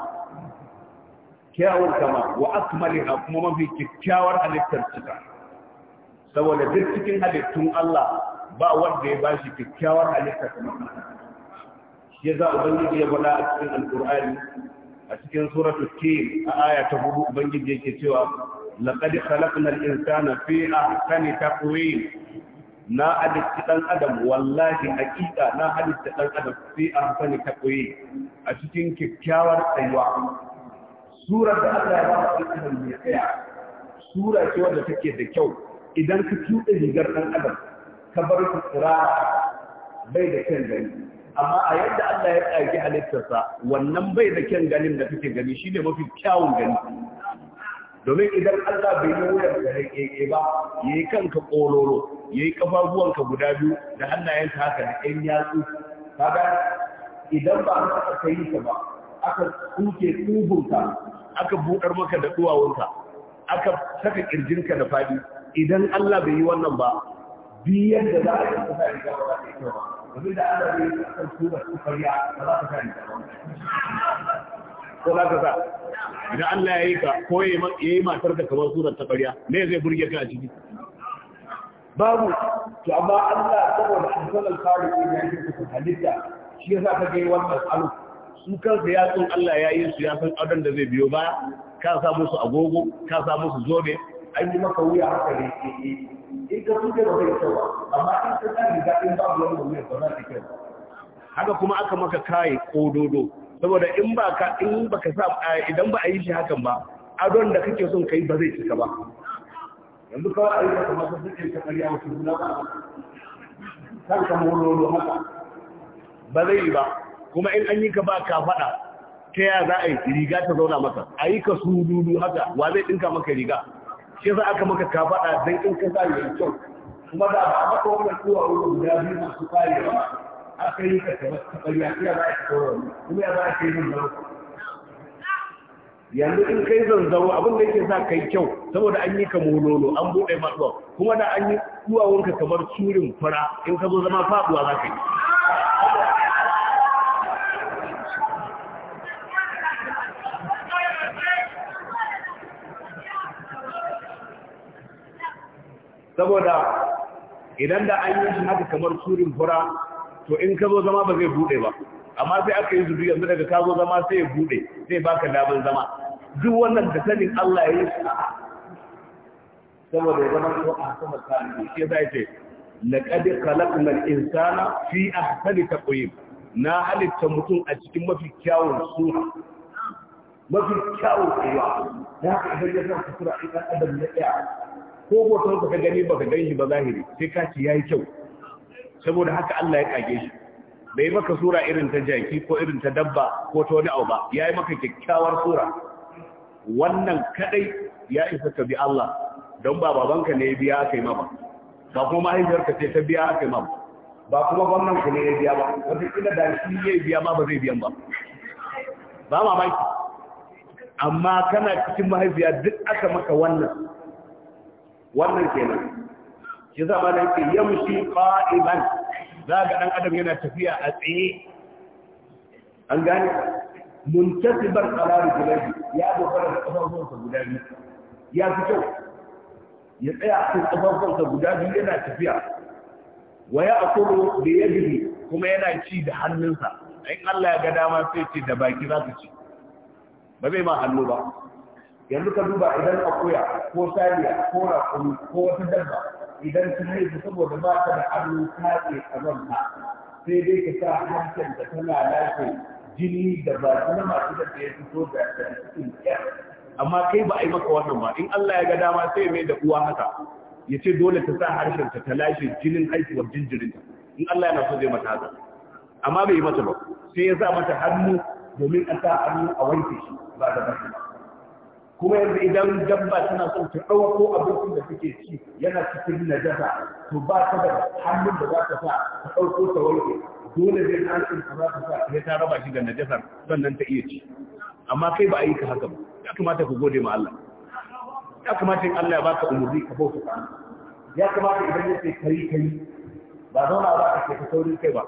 [SPEAKER 1] kyawun sama wa akmaliha kuma mafi kyakkyawar halittar cika saboda duk cikin halittun Allah ba wanda ya bashi kyakkyawar halitta kuma ya za a ubangiji ya faɗa a cikin alƙur'ani a cikin suratul tin a aya ta hudu ubangiji yake cewa laqad khalaqna al-insana fi ahsani taqwim na halitta dan adam wallahi haƙiƙa na halitta dan adam fi ahsani taqwim a cikin kyakkyawar tsayuwa surar da Allah ya ba ɗan adam mai tsaya sura ce wadda take da kyau idan ka tuɗe rigar ɗan adam ka bar ku tsirara bai da kyan gani amma a yadda Allah ya tsaki halittarsa wannan bai da kyan ganin da kake gani shine mafi kyawun gani domin idan Allah bai yi wuyar da rike ba yayi kanka koloro yayi kafafuwanka guda biyu da hannayenka haka da ɗan yatsu kaga idan ba aka saka ta ba aka tsuke kubunka aka budar maka da duwawunka aka saka kirjinka da fadi idan Allah bai yi wannan ba biyan da za a yi kusa da ba ba abinda ana zai yi a kan tura su karya ba za ka sani ko za ka sa idan Allah ya yi ka ko ya yi matar da kamar sunan ta karya ne zai burge ka a ciki babu to amma Allah saboda hasan al ne ya yi su halitta shi sa ka ga wannan alu su kansa ya tsun Allah ya yi su ya san adon da zai biyo ba? ka sa musu agogo ka sa musu zobe an yi maka wuya haka ne eh, eh. in amma in riga ba ba za ta kyau haka kuma aka maka kaye kododo saboda in ba ka in ba ka sa eh, idan ba a yi shi hakan ba adon da kake son kai ba zai cika ba yanzu kawai a yi ba kamar ka suke ka ƙarya wasu juna ba kan ka mololo haka ba zai yi ba kuma in an yi ka ba ka faɗa ta ya za a yi riga ta zauna maka a yi ka su dudu haka wa zai ɗinka maka riga shi za aka maka ka faɗa in ka zai yi kyau kuma da ba maka wannan kowa wurin guda biyu masu aka yi ka tabbas ka ya za kawo kuma ya za a yanzu in kai zanzaro abin da yake sa kai kyau saboda an yi ka mololo an buɗe matsuwa kuma da an yi kamar curin fara in ka zo zama faɗuwa za ka yi saboda idan da an yi haka kamar surin fura to in ka zo zama ba zai bude ba amma sai aka yi zubi yanzu daga ka zo zama sai ya bude sai baka ban zama duk wannan da sanin Allah ya yi saboda zama ko a sama sani shi ya ce laqad khalaqna al-insana fi ahsani taqwim na halitta mutum a cikin mafi kyawun su mafi kyawun tsayuwa ya haka idan ya zama kusura ɗan adam na ɗaya ko hoton ka gani baka ka shi ba zahiri sai ka ci yayi kyau saboda haka Allah ya kage shi bai maka sura irin ta jaki ko irin ta dabba ko ta wani abu ba yayi maka kyakkyawar sura wannan kadai ya isa ka bi Allah don ba babanka ne ya biya kai yi ba kuma mahaifiyarka ce ta biya kai yi ba kuma wannan ku ne ya biya ba wata kila da shi ya biya ma ba zai biyan ba ba mamaki amma kana cikin mahaifiya duk aka maka wannan wannan kenan shi zama da yake yamshi qa'iman za ga dan adam yana tafiya a tsaye an gane muntasibar qalari gulabi ya dogara da kafafunsa guda biyu ya fi kyau ya tsaya a kafafunsa guda biyu yana tafiya wa ya akulu bi yadihi kuma yana ci da hannunsa in Allah ya ga dama sai ce da baki za ka ci ba zai ma hannu ba yanzu ka duba idan akuya ko saniya ko rakumi ko wata dabba idan ta haifu saboda ba ta da hannu ta ce ta sai dai ka sa hancin da ta lalace jini da ba su na masu da ya so da cikin kyar amma kai ba a yi maka wannan ba in Allah ya ga dama sai mai da uwa haka ya ce dole ta sa harshen ta lashe jinin haihuwar ta in Allah yana so zai mata haka amma bai yi mata ba sai ya sa mata hannu domin a sa hannu a wanke shi ba da ba kuma yanzu idan dabba tana son ta ɗauko abincin da suke ci yana cikin najasa to ba ta da hannun da za ta sa ta ɗauko ta wanke dole zai hancin ka za ta sa sai ta raba shi da najasar sannan ta iya ci amma kai ba a yi ka haka ba ya kamata ku gode ma Allah ya kamata in Allah ya baka umurni ka bauta ka ya kamata idan ya ce kai kai ba zauna ba ka ce ka saurin kai ba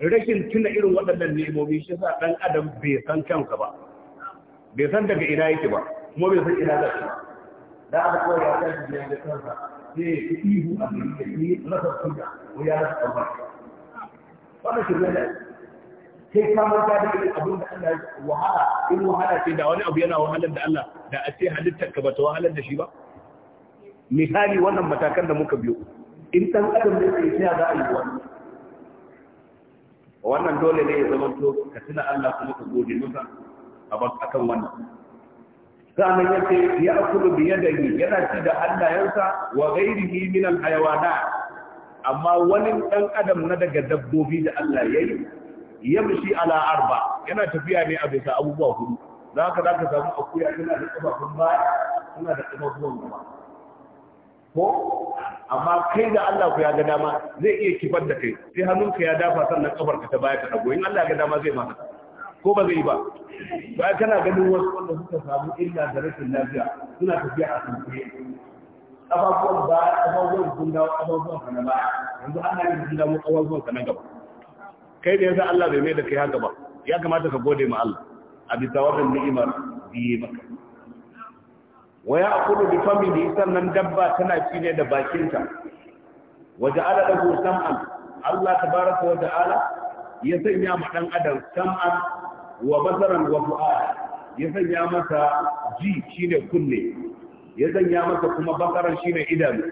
[SPEAKER 1] rashin tuna irin waɗannan nemomi shi sa ɗan adam bai san kansa ba bai san daga ina yake ba kuma bai san ina zai da aka kawai ya kai shi da kansa sai ya ihu a gari da ke nasar da ko ya da ɗaukar wannan shirme ne sai ka manta da irin abin da Allah ya wahala in wahala Sai da wani abu yana wahalar da Allah da a ce halittar ka bata wahalar da shi ba misali wannan matakan da muka biyo in ɗan adam ne sai ya za a yi wani wannan dole ne ya zama to ka tuna Allah kuma ka gode masa a kan wannan sa'an ya ce ya akulu bi yadayhi yana ci da hannayensa wa ghairihi min al amma wani dan adam na daga dabbobi da Allah yayi mushi ala arba yana tafiya ne a bisa abubuwa hudu za ka za ka samu akuya tana da kafafun baya tana da kafafuwan gaba ko amma kai da Allah ku ya ga dama zai iya kifar da kai sai hannunka ya dafa sannan kafarka ta baya ta dago in Allah ya ga dama zai maka ko ba zai ba ba kana ganin wasu wanda suka samu illa da rashin lafiya suna tafiya a sunkuye abubuwan ba abubuwan sun dawo abubuwan ka ba yanzu an yi sun dawo abubuwan ka gaba kai da yasa Allah bai mai da kai haka ba ya kamata ka gode ma Allah a bisa wannan ni'imar biye maka wa akulu bi famili sannan dabba tana ci ne da bakinta wa ja'ala lahu sam'an Allah tabaraka wa ta'ala ya sanya ma dan adam sam'an wa basaran wa fu'ada ya sanya masa ji shine kunne ya sanya masa kuma basaran shine idanu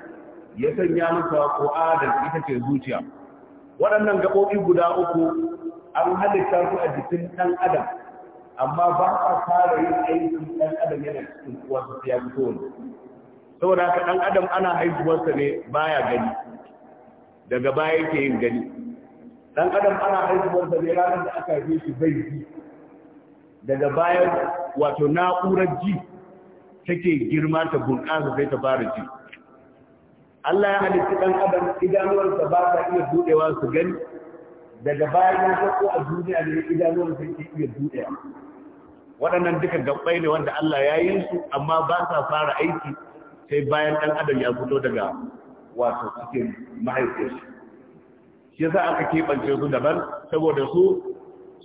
[SPEAKER 1] ya sanya masa da ita ce zuciya waɗannan gaɓoɓi guda uku an halitta su a jikin ɗan adam amma ba a fara yin aiki ɗan adam yana cikin uwarsa ya fito ne saboda haka ɗan adam ana haihuwarsa ne baya gani daga baya yake yin gani ɗan adam ana haihuwarsa ne ranar da aka haife shi bai ji daga bayan wato na'urar ji take girma ta bunƙasa sai ta fara ji Allah ya halitta ɗan adam idanuwarsa ba ta iya buɗewa su gani daga bayan ya sako a duniya ne idanuwarsa ke iya buɗewa waɗannan duka gabbai ne wanda Allah ya yi su amma ba sa fara aiki sai bayan ɗan adam ya fito daga wato cikin mahaifiyarsa shi yasa aka keɓance su daban saboda su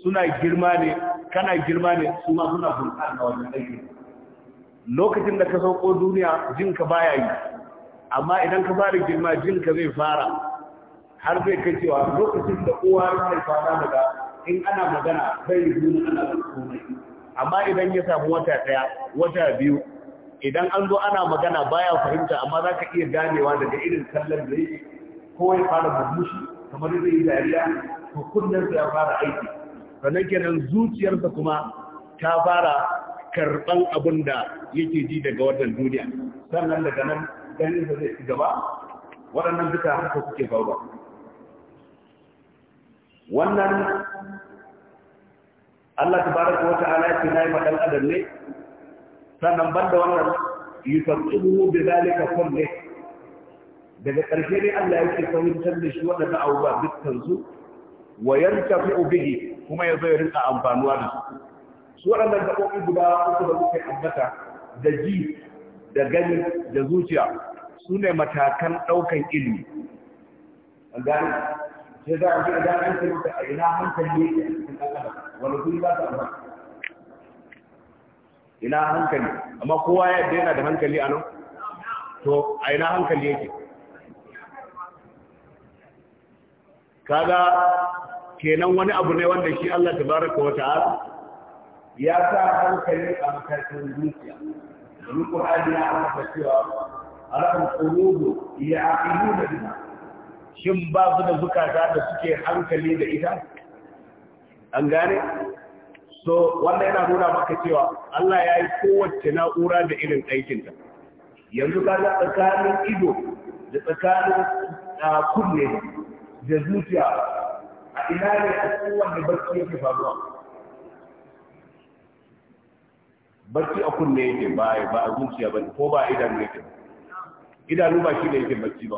[SPEAKER 1] suna girma ne kana girma ne su ma suna bunƙasa wajen aiki lokacin da ka sauko duniya jinka baya yi amma idan ka fara girma jinka zai fara har zai kai cewa lokacin da uwa zai fara daga in ana magana zai yi nuna ana komai amma idan ya samu wata ɗaya wata biyu idan an zo ana magana baya fahimta amma za ka iya ganewa daga irin kallon da yake ko ya fara bugushi kamar zai yi dariya to kullum ya fara aiki sannan kenan zuciyarsa kuma ta fara karban abin da yake ji daga wannan duniya sannan daga nan ganin da zai ci gaba waɗannan duka haka suke faruwa wannan Allah Ta tabaraka wa ala ya nayi ma dan adam ne sannan banda wannan yusabbihu bi zalika kulli daga ƙarshe dai Allah yake fahimtar da shi waɗannan abubuwa dukkan su wa yantafi'u bihi kuma ya zai ya rinka amfanuwa da su su waɗannan gaɓoɓi guda uku da muke ambata da ji da gani da zuciya su ne matakan ɗaukan ilimi an gani sai za a ji idan an ce ta a ina hankali ne a cikin ɗan wani guri za ta amma. ina hankali amma kowa ya daina da hankali a nan to a ina hankali yake kaga kenan wani abu ne wanda shi Allah tabaraka wa ta'ala ya sa hankali a matakin zuciya domin Qur'ani ya ambata cewa alam qulubu ya'qiluna dina. shin ba su da zukata da suke hankali da ita an gane so wannan yana nuna maka cewa Allah ya yi kowace na'ura da irin aikinta yanzu ka ga tsakanin ido da tsakanin ah, kunne da zuciya ina ne a wanda barci yake faruwa barci a kunne yake ba ba a zuciya ba ko ba idanu yake idanu ba shi da yake barci ba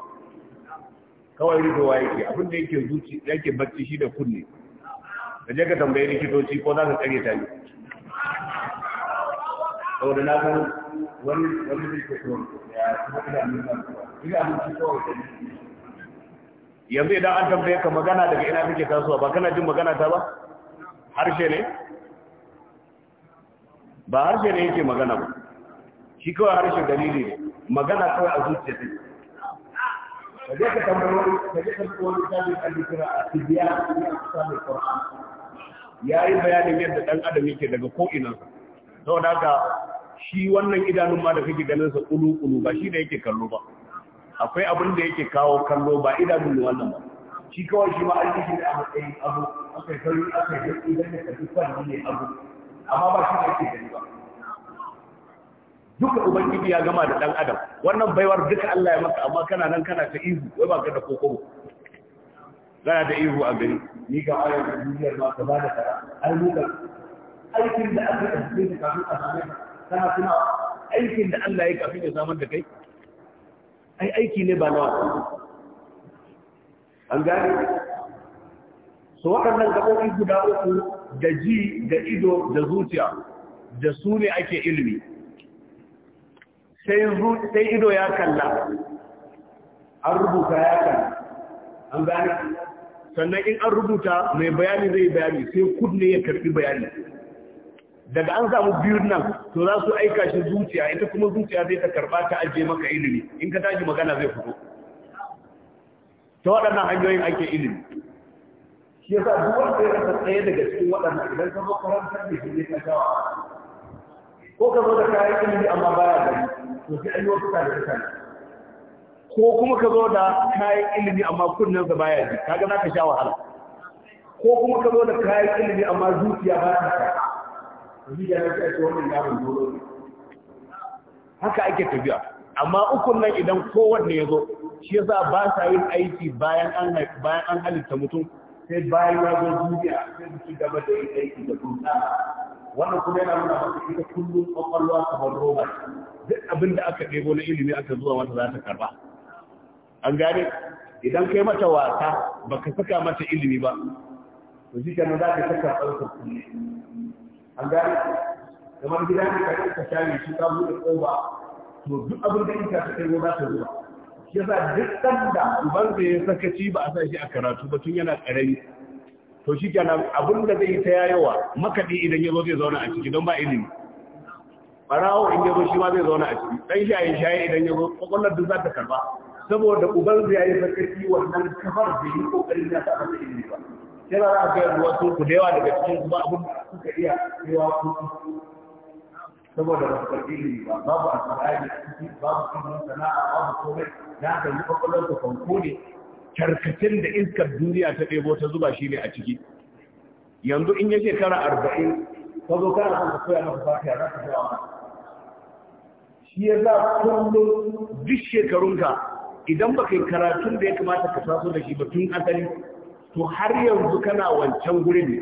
[SPEAKER 1] kawai rufewa yake abin da yake zuci yake barci shi da kunne da je ka tambayi likitoci ko za ka tsare ta ne saboda na san wani wani ke so ya kuma idanu ba idanu shi kawai da yanzu idan an tambaye ka magana daga ina kake tasowa ba kana jin magana ta ba harshe ne ba harshe ne yake magana ba shi kawai harshe dalili ne magana kawai a zuciya ta ka je ka tambayi ka je ka tambayi misali an yi kira a tibiya mai qur'an ya yi bayanin yadda dan adam yake daga ko ina saboda haka shi wannan idanun ma da kake ganin sa kulu kulu ba shi da yake kallo ba akwai abin da yake kawo kallo ba idanun da wannan ba shi kawai shi ma an yi shi da a matsayin abu aka yi sauri aka yi zaɓi don ya tafi kwanne ne abu amma ba shi ne yake gani ba duka ubangiji ya gama da ɗan adam wannan baiwar duka Allah ya maka amma kana nan kana ta ihu wai ba ka da ba kana ta ihu a gari ni ga ayar da duniyar ma ka bada da kara ai muka aikin da aka yi kafin a same kana tuna aikin da Allah ya kafin ya samar da kai ai aiki ne ba nawa? an gane su waɗannan gaɓoɓi guda uku da ji da ido da zuciya da su ne ake ilimi sai ido ya kalla an rubuta ya kalla an gane sannan in an rubuta mai bayani zai bayani sai kudne ya karfi bayani daga an samu biyun nan to za su aika shi zuciya ita kuma zuciya zai ta karba ta ajiye maka ilimi in ka tashi magana zai fito ta waɗannan hanyoyin ake ilimi shi yasa duk wanda ya rasa tsaye daga cikin waɗannan idan ka zo karantar da shi ne ka shawa ko ka zo da kayan ilimi amma baya gari to sai an yi wasu kare da kai ko kuma ka zo da kayan ilimi amma kunnensa baya ji kaga za ka sha wahala ko kuma ka zo da kayan ilimi amma zuciya ba ta karɓa wannan ne haka ake tafiya amma ukun nan idan kowanne ya zo shi yasa ba sa yin aiki bayan an bayan an halitta mutum sai bayan ya zo duniya sai su gaba da yin aiki da duniya wannan kuma yana nuna maka ita kullum kwakwalwa kamar roba duk abin da aka ɗebo na ilimi aka zuwa wata za ta karba an gane idan kai mata wasa baka saka mata ilimi ba to shi kenan za ka saka ɗaukar kullum an gane kamar gida ne ka ka share shi ka buɗe ƙoba to duk abin da ita ta kai za ta zuba shi yasa duk sanda uban da ya sakaci ba a sa shi a karatu ba tun yana ƙarami to shi kenan abin da zai ta yayawa makaɗi idan ya zo zai zauna a ciki don ba ilimi barawo in ya zo shi ma zai zauna a ciki dan shaye shayi idan ya zo kwakwallar duk za ta karba saboda uban zai yi sakaci wannan kafar da yi kokarin ya sa masa ilimi ba Yana da a ruwan ruwa ku da yawa daga cikin kuma abin da suka iya cewa ku saboda ba su ilimi ba babu alfahari a ciki babu ilimin sana'a babu komai da aka yi kwakwalwar ta fanko ne karkacin da iskar duniya ta ɗebo ta zuba shi ne a ciki yanzu in yake kara arba'in ta zo kana son ka koya maka fatiha za ka zawa shi ya za kullum duk shekarunka idan baka yi karatun da ya kamata ka taso da shi ba tun asali to har yanzu kana wancan guri ne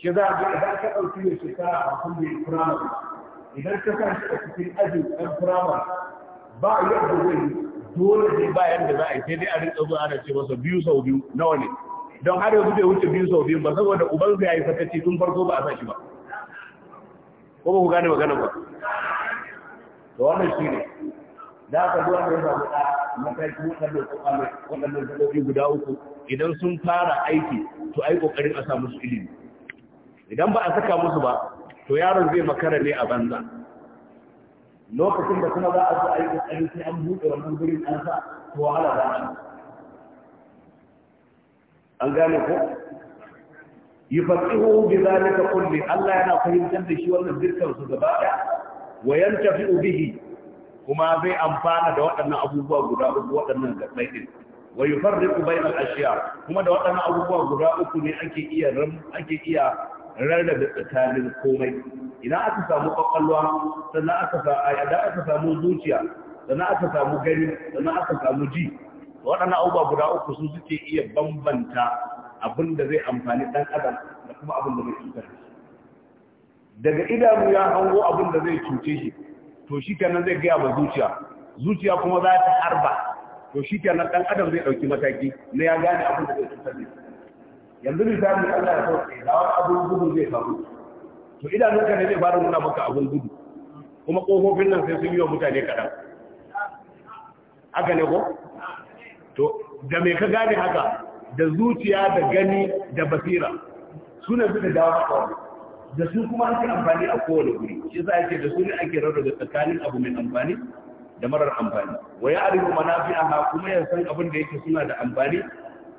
[SPEAKER 1] shi za a ga idan ka ɗauki mai shekara a kun da firamare idan ka sa shi a cikin ajin ɗan firamare ba a yi abu zai dole zai bayan da za a yi sai dai a rinka zuwa ana ce masa biyu sau biyu nawa ne don har yanzu bai wuce biyu sau biyu ba saboda uban zai yi sakaci tun farko ba a sa shi ba ko ba ku gane magana ba to wannan shi ne da ka zuwa ne ba mu ɗaya matakin waɗannan zaɓoɓi guda uku idan sun fara aiki to ai ƙoƙarin a sa musu ilimi idan ba a saka musu ba to yaron zai makara ne a banza lokacin da kuma za a zo a yi ƙoƙarin sai an buɗe wannan gurin an sa to wahala za a an gane ko yufaqihu bi zalika kulli Allah yana fahimtar da shi wannan dukkan su gaba ɗaya wa bihi kuma zai amfana da waɗannan abubuwa guda uku waɗannan gatsai din wa farri ku bai ashiya kuma da waɗannan abubuwa guda uku ne ake iya ake iya rarrabe tsakanin komai idan aka samu ƙwaƙwalwa sannan aka idan aka samu zuciya sannan aka samu gani sannan aka samu ji waɗannan abubuwa guda uku su suke iya bambanta abin da zai amfani ɗan adam da kuma abin da zai cutar daga idanu ya hango abin da zai cuce shi to shi kenan zai gaya ma zuciya zuciya kuma za ta harba to shi kenan dan adam zai dauki mataki na ya gane abin da zai cutar Yanzu yanzu misali Allah ya sauke da wani abin gudu zai faru to ka ne zai fara nuna maka abin gudu kuma kofofin nan sai sun yi wa mutane kaɗan haka ne ko to da me ka gane haka da zuciya da gani da basira suna suka dawo ka wani da su kuma ake amfani a kowane guri shi za a ce da su ne ake da tsakanin abu mai amfani da marar amfani wa ya arifu manafi'aha kuma ya san abin da yake suna da amfani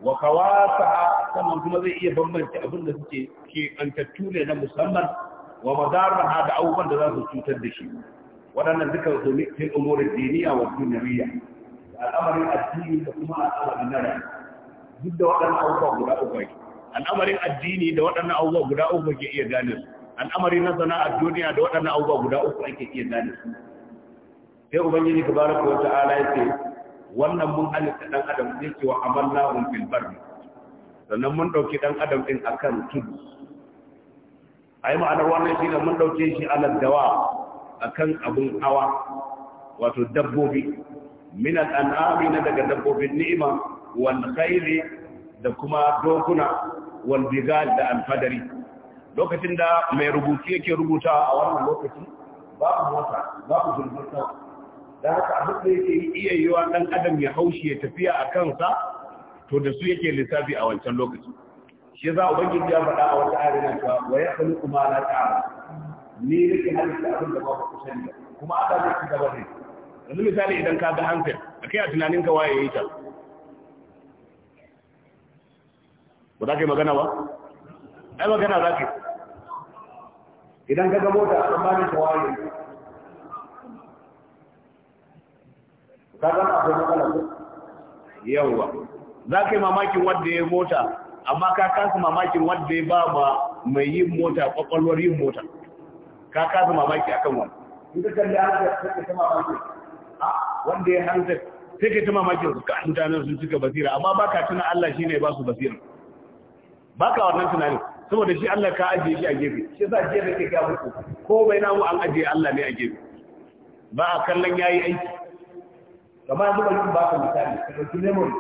[SPEAKER 1] wa kawasa saman kuma zai iya bambance abin da suke ke antattu ne na musamman wa ha da abubuwan da za su cutar da shi waɗannan duka su ne fil diniya wa dunyawiya al'amarin addini da kuma al'amarin na duk da waɗannan abubuwa guda uku al'amarin addini da waɗannan abubuwa guda uku ke iya gane su al'amari na sana'ar duniya da waɗannan abubuwa guda uku ake iya gane su sai ubangiji ko ta ala yace wannan mun halitta dan adam sai ce wa amalnahum fil barri sannan mun dauki dan adam din akan tudu ai ma'ana wannan ne mun dauke shi ala dawa akan abun hawa wato dabbobi min al-an'ami daga dabbobin ni'ima wal khayli da kuma dokuna wal bigal da alfadari lokacin da mai rubutu yake rubuta a wannan lokaci babu wata babu zurfin da haka a da yake iya yi wa ɗan adam ya haushi ya tafiya a kansa to da su yake lissafi a wancan lokaci shi za bangin ya faɗa a wata arina cewa wa ya kalu kuma na ta'ala ni nake halitta abin da babu kusan da kuma aka zai ci gaba ne yanzu misali idan ka ga hankali akai a tunanin ka waye ya yi ta ba za ka yi magana ba ai magana za ka yi idan ka gamo da an bani tawaye ka zama akwai matsala yawwa za ka yi mamakin wadda ya mota amma ka kasa mamakin wadda ya ba ma mai yin mota kwakwalwar yin mota ka kasa mamaki akan wani in ka kalli hanzar take ta mamaki a wanda ya hanzar take ta mamakin mutanen sun cika basira amma ba ka tuna Allah shi ne ba su basira baka wannan tunanin saboda shi Allah ka ajiye shi a gefe shi yasa gefe ke ga muku ko bai namu an ajiye Allah ne a gefe ba a kallon yayi aiki kamar yanzu bari ba ka misali ka dauki lemon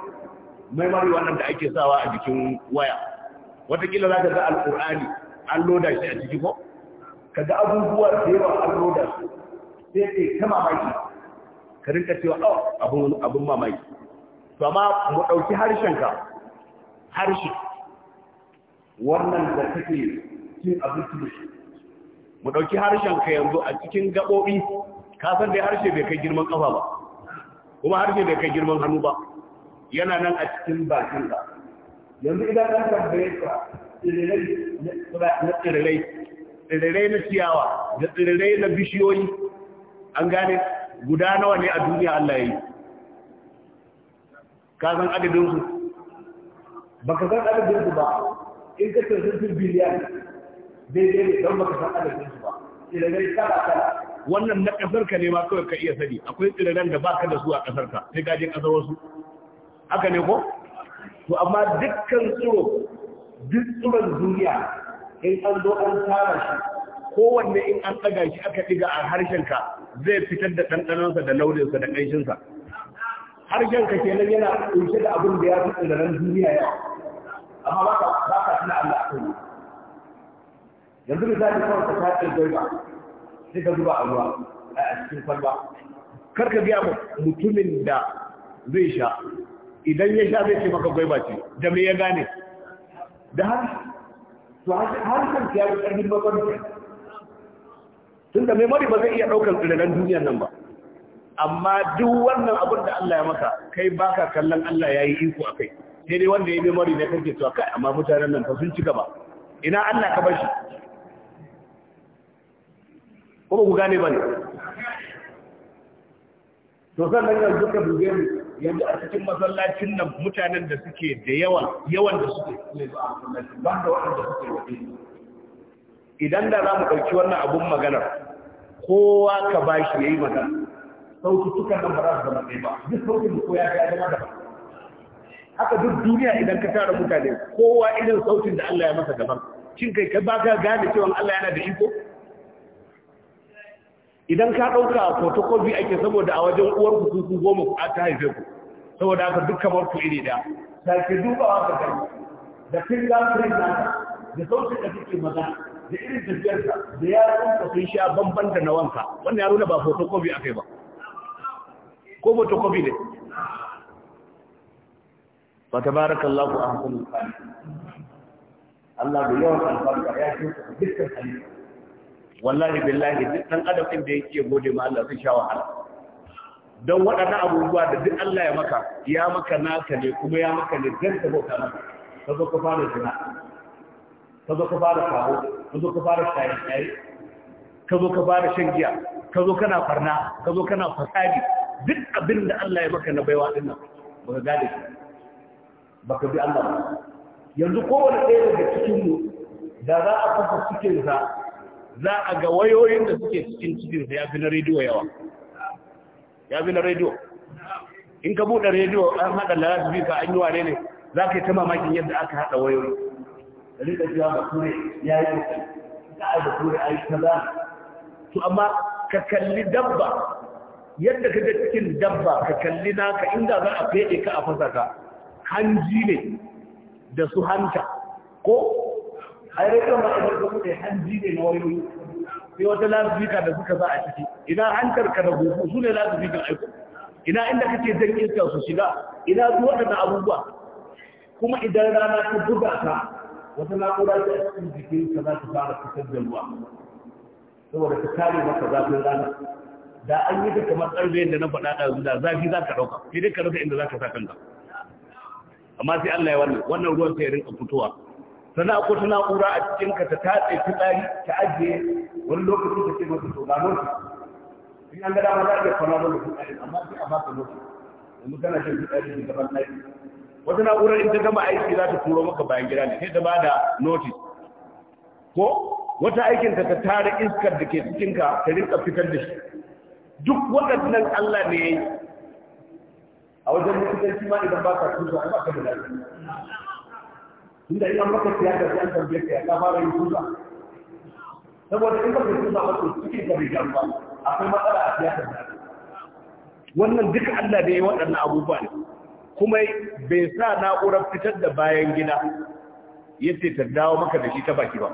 [SPEAKER 1] mai mari wannan da ake sawa a jikin waya watakila za ka ga alƙur'ani an loda shi a ciki ko ka ga abubuwa da yawa an loda su sai ka ta mamaki ka rinka cewa oh abun abun mamaki to amma mu dauki harshen ka harshe wannan da kake cin abinci da shi mu ɗauki harshen ka yanzu a cikin gaɓoɓi ka san dai harshe bai kai girman ƙafa ba kuma harshe bai kai girman hannu ba yana nan a cikin bakin ka yanzu idan an tambaye ka tsirrai tsirrai na ciyawa da tsirrai na bishiyoyi an gane guda nawa ne a duniya Allah ya yi ka san adadinsu ba ka san adadinsu ba in ka ce sun biliyan daidai ne don baka san adadin su ba tsirrai tara kala. wannan na kasar ka ne ma kawai ka iya sani akwai tsirran da baka da su a kasar ka sai gaje kasar wasu haka ne ko to amma dukkan tsiro duk tsiron duniya in an zo an tara shi kowanne in an ɗaga shi aka ɗiga a harshen ka zai fitar da ɗanɗanonsa da launinsa da ƙanshinsa harshenka kenan yana ƙunshe da abin da ya fi tsirran duniya ya amma ba ka ba ka tuna Allah akan yi yanzu zaki kawai ka tace gwaiba sai ka zuba a ruwa a cikin kwalba kar ka biya mutumin da zai sha idan ya sha zai ce maka gwaiba ce da me ya gane da har to harshen ya yi ƙarfin bakon tun da mai mari ba zai iya ɗaukar tsirran duniyar nan ba amma duk wannan abin da Allah ya maka kai baka kallon Allah ya yi iko a kai sai dai wanda ya bi mari ne kake cewa kai amma mutanen nan fa sun ci gaba ina Allah ka bar shi ko ku gane ba ne to sannan yanzu ka buge mu yanzu a cikin masallacin nan mutanen da suke da yawa yawan da
[SPEAKER 2] suke ne ba da waɗanda suke
[SPEAKER 1] idan da za mu ɗauki wannan abun maganar kowa ka bashi yayi magana sautukan nan ba za su zama ɗaya ba duk sautin da koya ya zama daban haka duk duniya idan ka tara mutane kowa irin sautin da Allah ya masa daban shin kai ka baka gane cewa Allah yana da iko idan ka ɗauka bi ake saboda a wajen uwar ku su goma a ta haife ku saboda haka duk kamar ku iri da duba wa ka gani da fingerprint naka da sautin da kike maza da irin tafiyarka da yaron ka sun sha bamban da na wanka wannan ya nuna ba bi akai ba ko kofi ne fa a ahsanul khaliqin Allah da yawan alfarka ya ce dukkan halitta wallahi billahi duk dan adam inda ya ke gode ma Allah sun sha wahala don waɗannan abubuwa da duk Allah ya maka ya maka naka ne kuma ya maka ne Zan ta bauta maka ka zo ka fara zina ka zo ka fara kawo ka zo ka fara shayi ka zo ka fara shan giya ka zo kana farna ka zo kana fasadi duk abin da Allah ya maka na baiwa din nan ka gane shi ka bi Allah ba yanzu kowane ɗaya daga cikin mu da za a kafa cikin sa za a ga wayoyin da suke cikin cikin sa ya fi na rediyo yawa ya fi na rediyo in ka buɗe rediyo an haɗa lalabi ka an yi wane ne za ka yi ta mamakin yadda aka haɗa wayoyi rika jiwa bature ya yi mutum za da bature a yi ta za to amma ka kalli dabba yadda ka ga cikin dabba ka kalli naka inda za a fede ka a fasaka hanji ne da su hanta ko a yi rikon ba a rikon ne hanji ne na wayoyi sai wata lafifika da suka za a ciki ina hantar ka da gugu su ne lafifikan aiko ina inda kake jan iska su shiga ina su waɗanda abubuwa kuma idan rana ta buga ka wata na'ura ta cikin jikin ka za ta fara fitar da ruwa saboda ka kare maka zafin rana da an yi duka matsalolin da yadda na faɗa ɗazu da zafi za ka ɗauka sai dai ka rasa inda za ka sa kanka amma sai Allah ya wannan wannan ruwan sai ya rinka fitowa sannan akwai ta na'ura a cikin ka ta tatse fitsari ta ajiye wani lokaci ta ke masa to ba lokaci Sai an gada ma za a iya kwana da fitsari amma sai a baka lokaci yanzu kana shan fitsari da gaban ɗaki wata na'urar in ta gama aiki za ta turo maka bayan gida ne sai ta ba da notice ko wata aikinta ta tara iskar da ke cikinka ta rinka fitar da shi duk waɗannan Allah ne ya yi a wajen likitanci ma idan ba ka tuzo ai ba ka da lafiya inda in an maka tiyata sai an tambaye ka ka fara yin tuzo saboda in baka tuzo ba to cikin ka bai gamba akwai matsala a tiyata da wannan duka Allah ne ya yi waɗannan abubuwa ne kuma bai sa na'urar fitar da bayan gida yace ta dawo maka da shi ta baki ba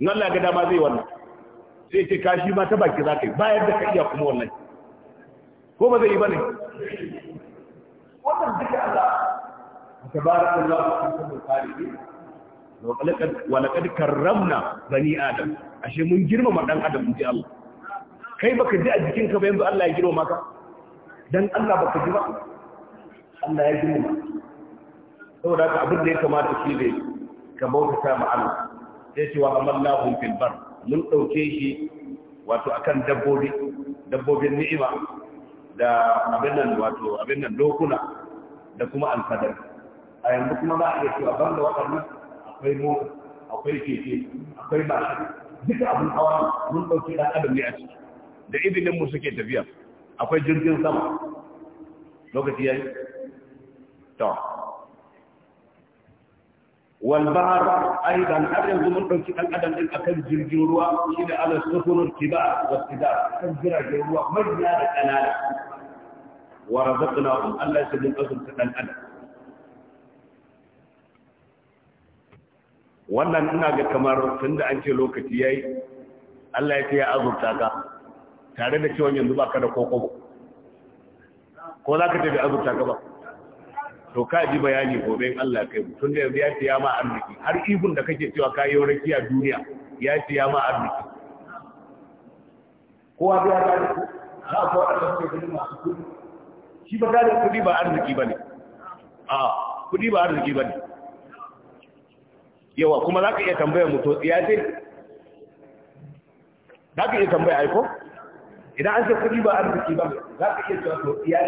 [SPEAKER 1] in Allah ga dama zai wannan sai ce kashi ma ta baki za ka yi bayan da ka iya kuma wallahi ko ba zai yi ba ne wannan duka Allah tabarak Allah wa antumul khaliqin wa laqad wa laqad karramna bani adam ashe mun girmama dan adam inji Allah kai baka ji a jikin ka ba yanzu Allah ya girmama ka dan Allah baka ji ba Allah ya girmama saboda haka abin da ya kamata shi ne ka bauta ma Allah sai ce wa amallahu fil bar mun ɗauke shi wato akan dabbobi dabbobin ni'ima da abin nan wato abin nan dokuna da kuma alfadar a yanzu kuma za a iya cewa ban da waɗannan akwai mota akwai keke akwai mashin duka abin hawa mun ɗauki ɗan adam ne a ciki da idinin mu suke tafiya akwai jirgin sama lokaci yayi to والبحر أيضا أبدا من ادم دين اكل أكل روا إلى على السفن الكبار والكبار كم جرجروا مجنة أنانا ورزقناهم الله سبحانه وتعالى كان ادم wannan ina ga kamar tun da an ce lokaci ya yi allah ya ce ya azurta ka tare da cewa yanzu ba ka da kokobo ko za ka ce bai azurta ka ba to ka ji bayani gobe in Allah kai mu tun da ya ce ya ma arziki har ibun da kake cewa yi rakiya duniya ya ce ya ma arziki kowa biya da ku za ku da suke gani masu kudi shi ba ga kudi ba arziki bane a kudi ba arziki bane yawa kuma za ka iya tambaya mutu ya ce za ka iya tambaya aiko idan an ce kudi ba arziki bane za ka iya cewa to ya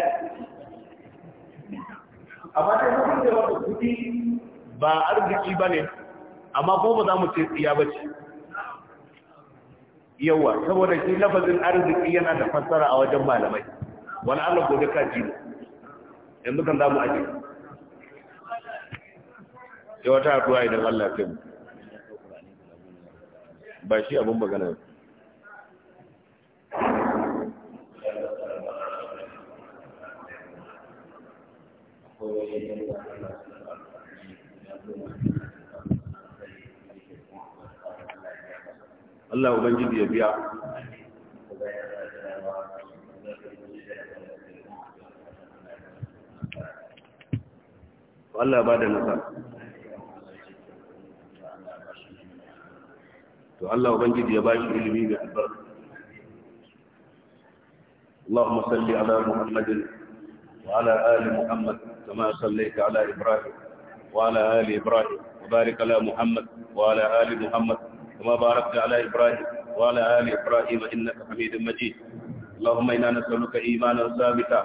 [SPEAKER 1] amma dai mun da wata kudi ba arziki bane amma kuma ba za mu ce tsiya bace yawa saboda shi lafazin arziki yana da fassara a wajen malamai wani Allah gobe ka ji yanzu kan za mu aji. yawa ta haɗuwa idan Allah ya kai mu ba shi abin magana ne Allah ubangiji ya biya Allah ba da nasara to Allah ubangiji ya bashi ilimi da albarka اللهم صل على محمد وعلى آل محمد كما صليت على إبراهيم وعلى آل إبراهيم وبارك على محمد وعلى آل محمد كما باركت على إبراهيم وعلى آل إبراهيم إنك حميد مجيد اللهم إنا نسألك إيمانا ثابتا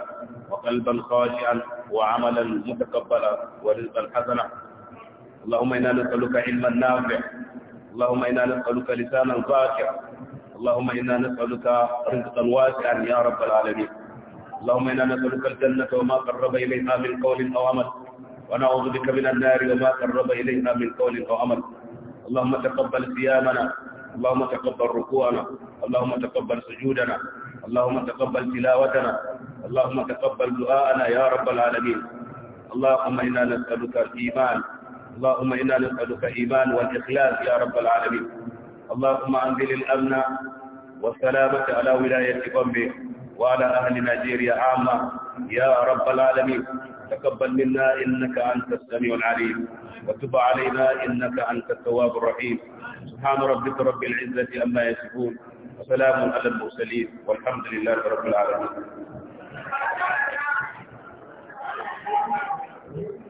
[SPEAKER 1] وقلبا خاشعا وعملا متقبلا ورزقا حسنا اللهم إنا نسألك علما نافعا اللهم إنا نسألك لسانا ذاكرا اللهم إنا نسألك رزقا واسعا يا رب العالمين اللهم إنا نسألك الجنة وما قرب إليها من قول أو عمل ونعوذ بك من النار وما قرب إليها من قول أو عمل اللهم تقبل صيامنا اللهم تقبل ركوعنا اللهم تقبل سجودنا اللهم تقبل تلاوتنا اللهم تقبل دعاءنا يا رب العالمين اللهم إنا نسألك الإيمان اللهم إنا نسألك الإيمان والإخلاص يا رب العالمين اللهم أنزل الأمن والسلامة على ولاية بومبي وعلى أهل نيجيريا عامة يا رب العالمين تقبل منا إنك أنت السميع العليم وتب علينا إنك أنت التواب الرحيم سبحان ربك رب العزة أما يصفون وسلام على المرسلين والحمد لله رب العالمين
[SPEAKER 2] Thank you.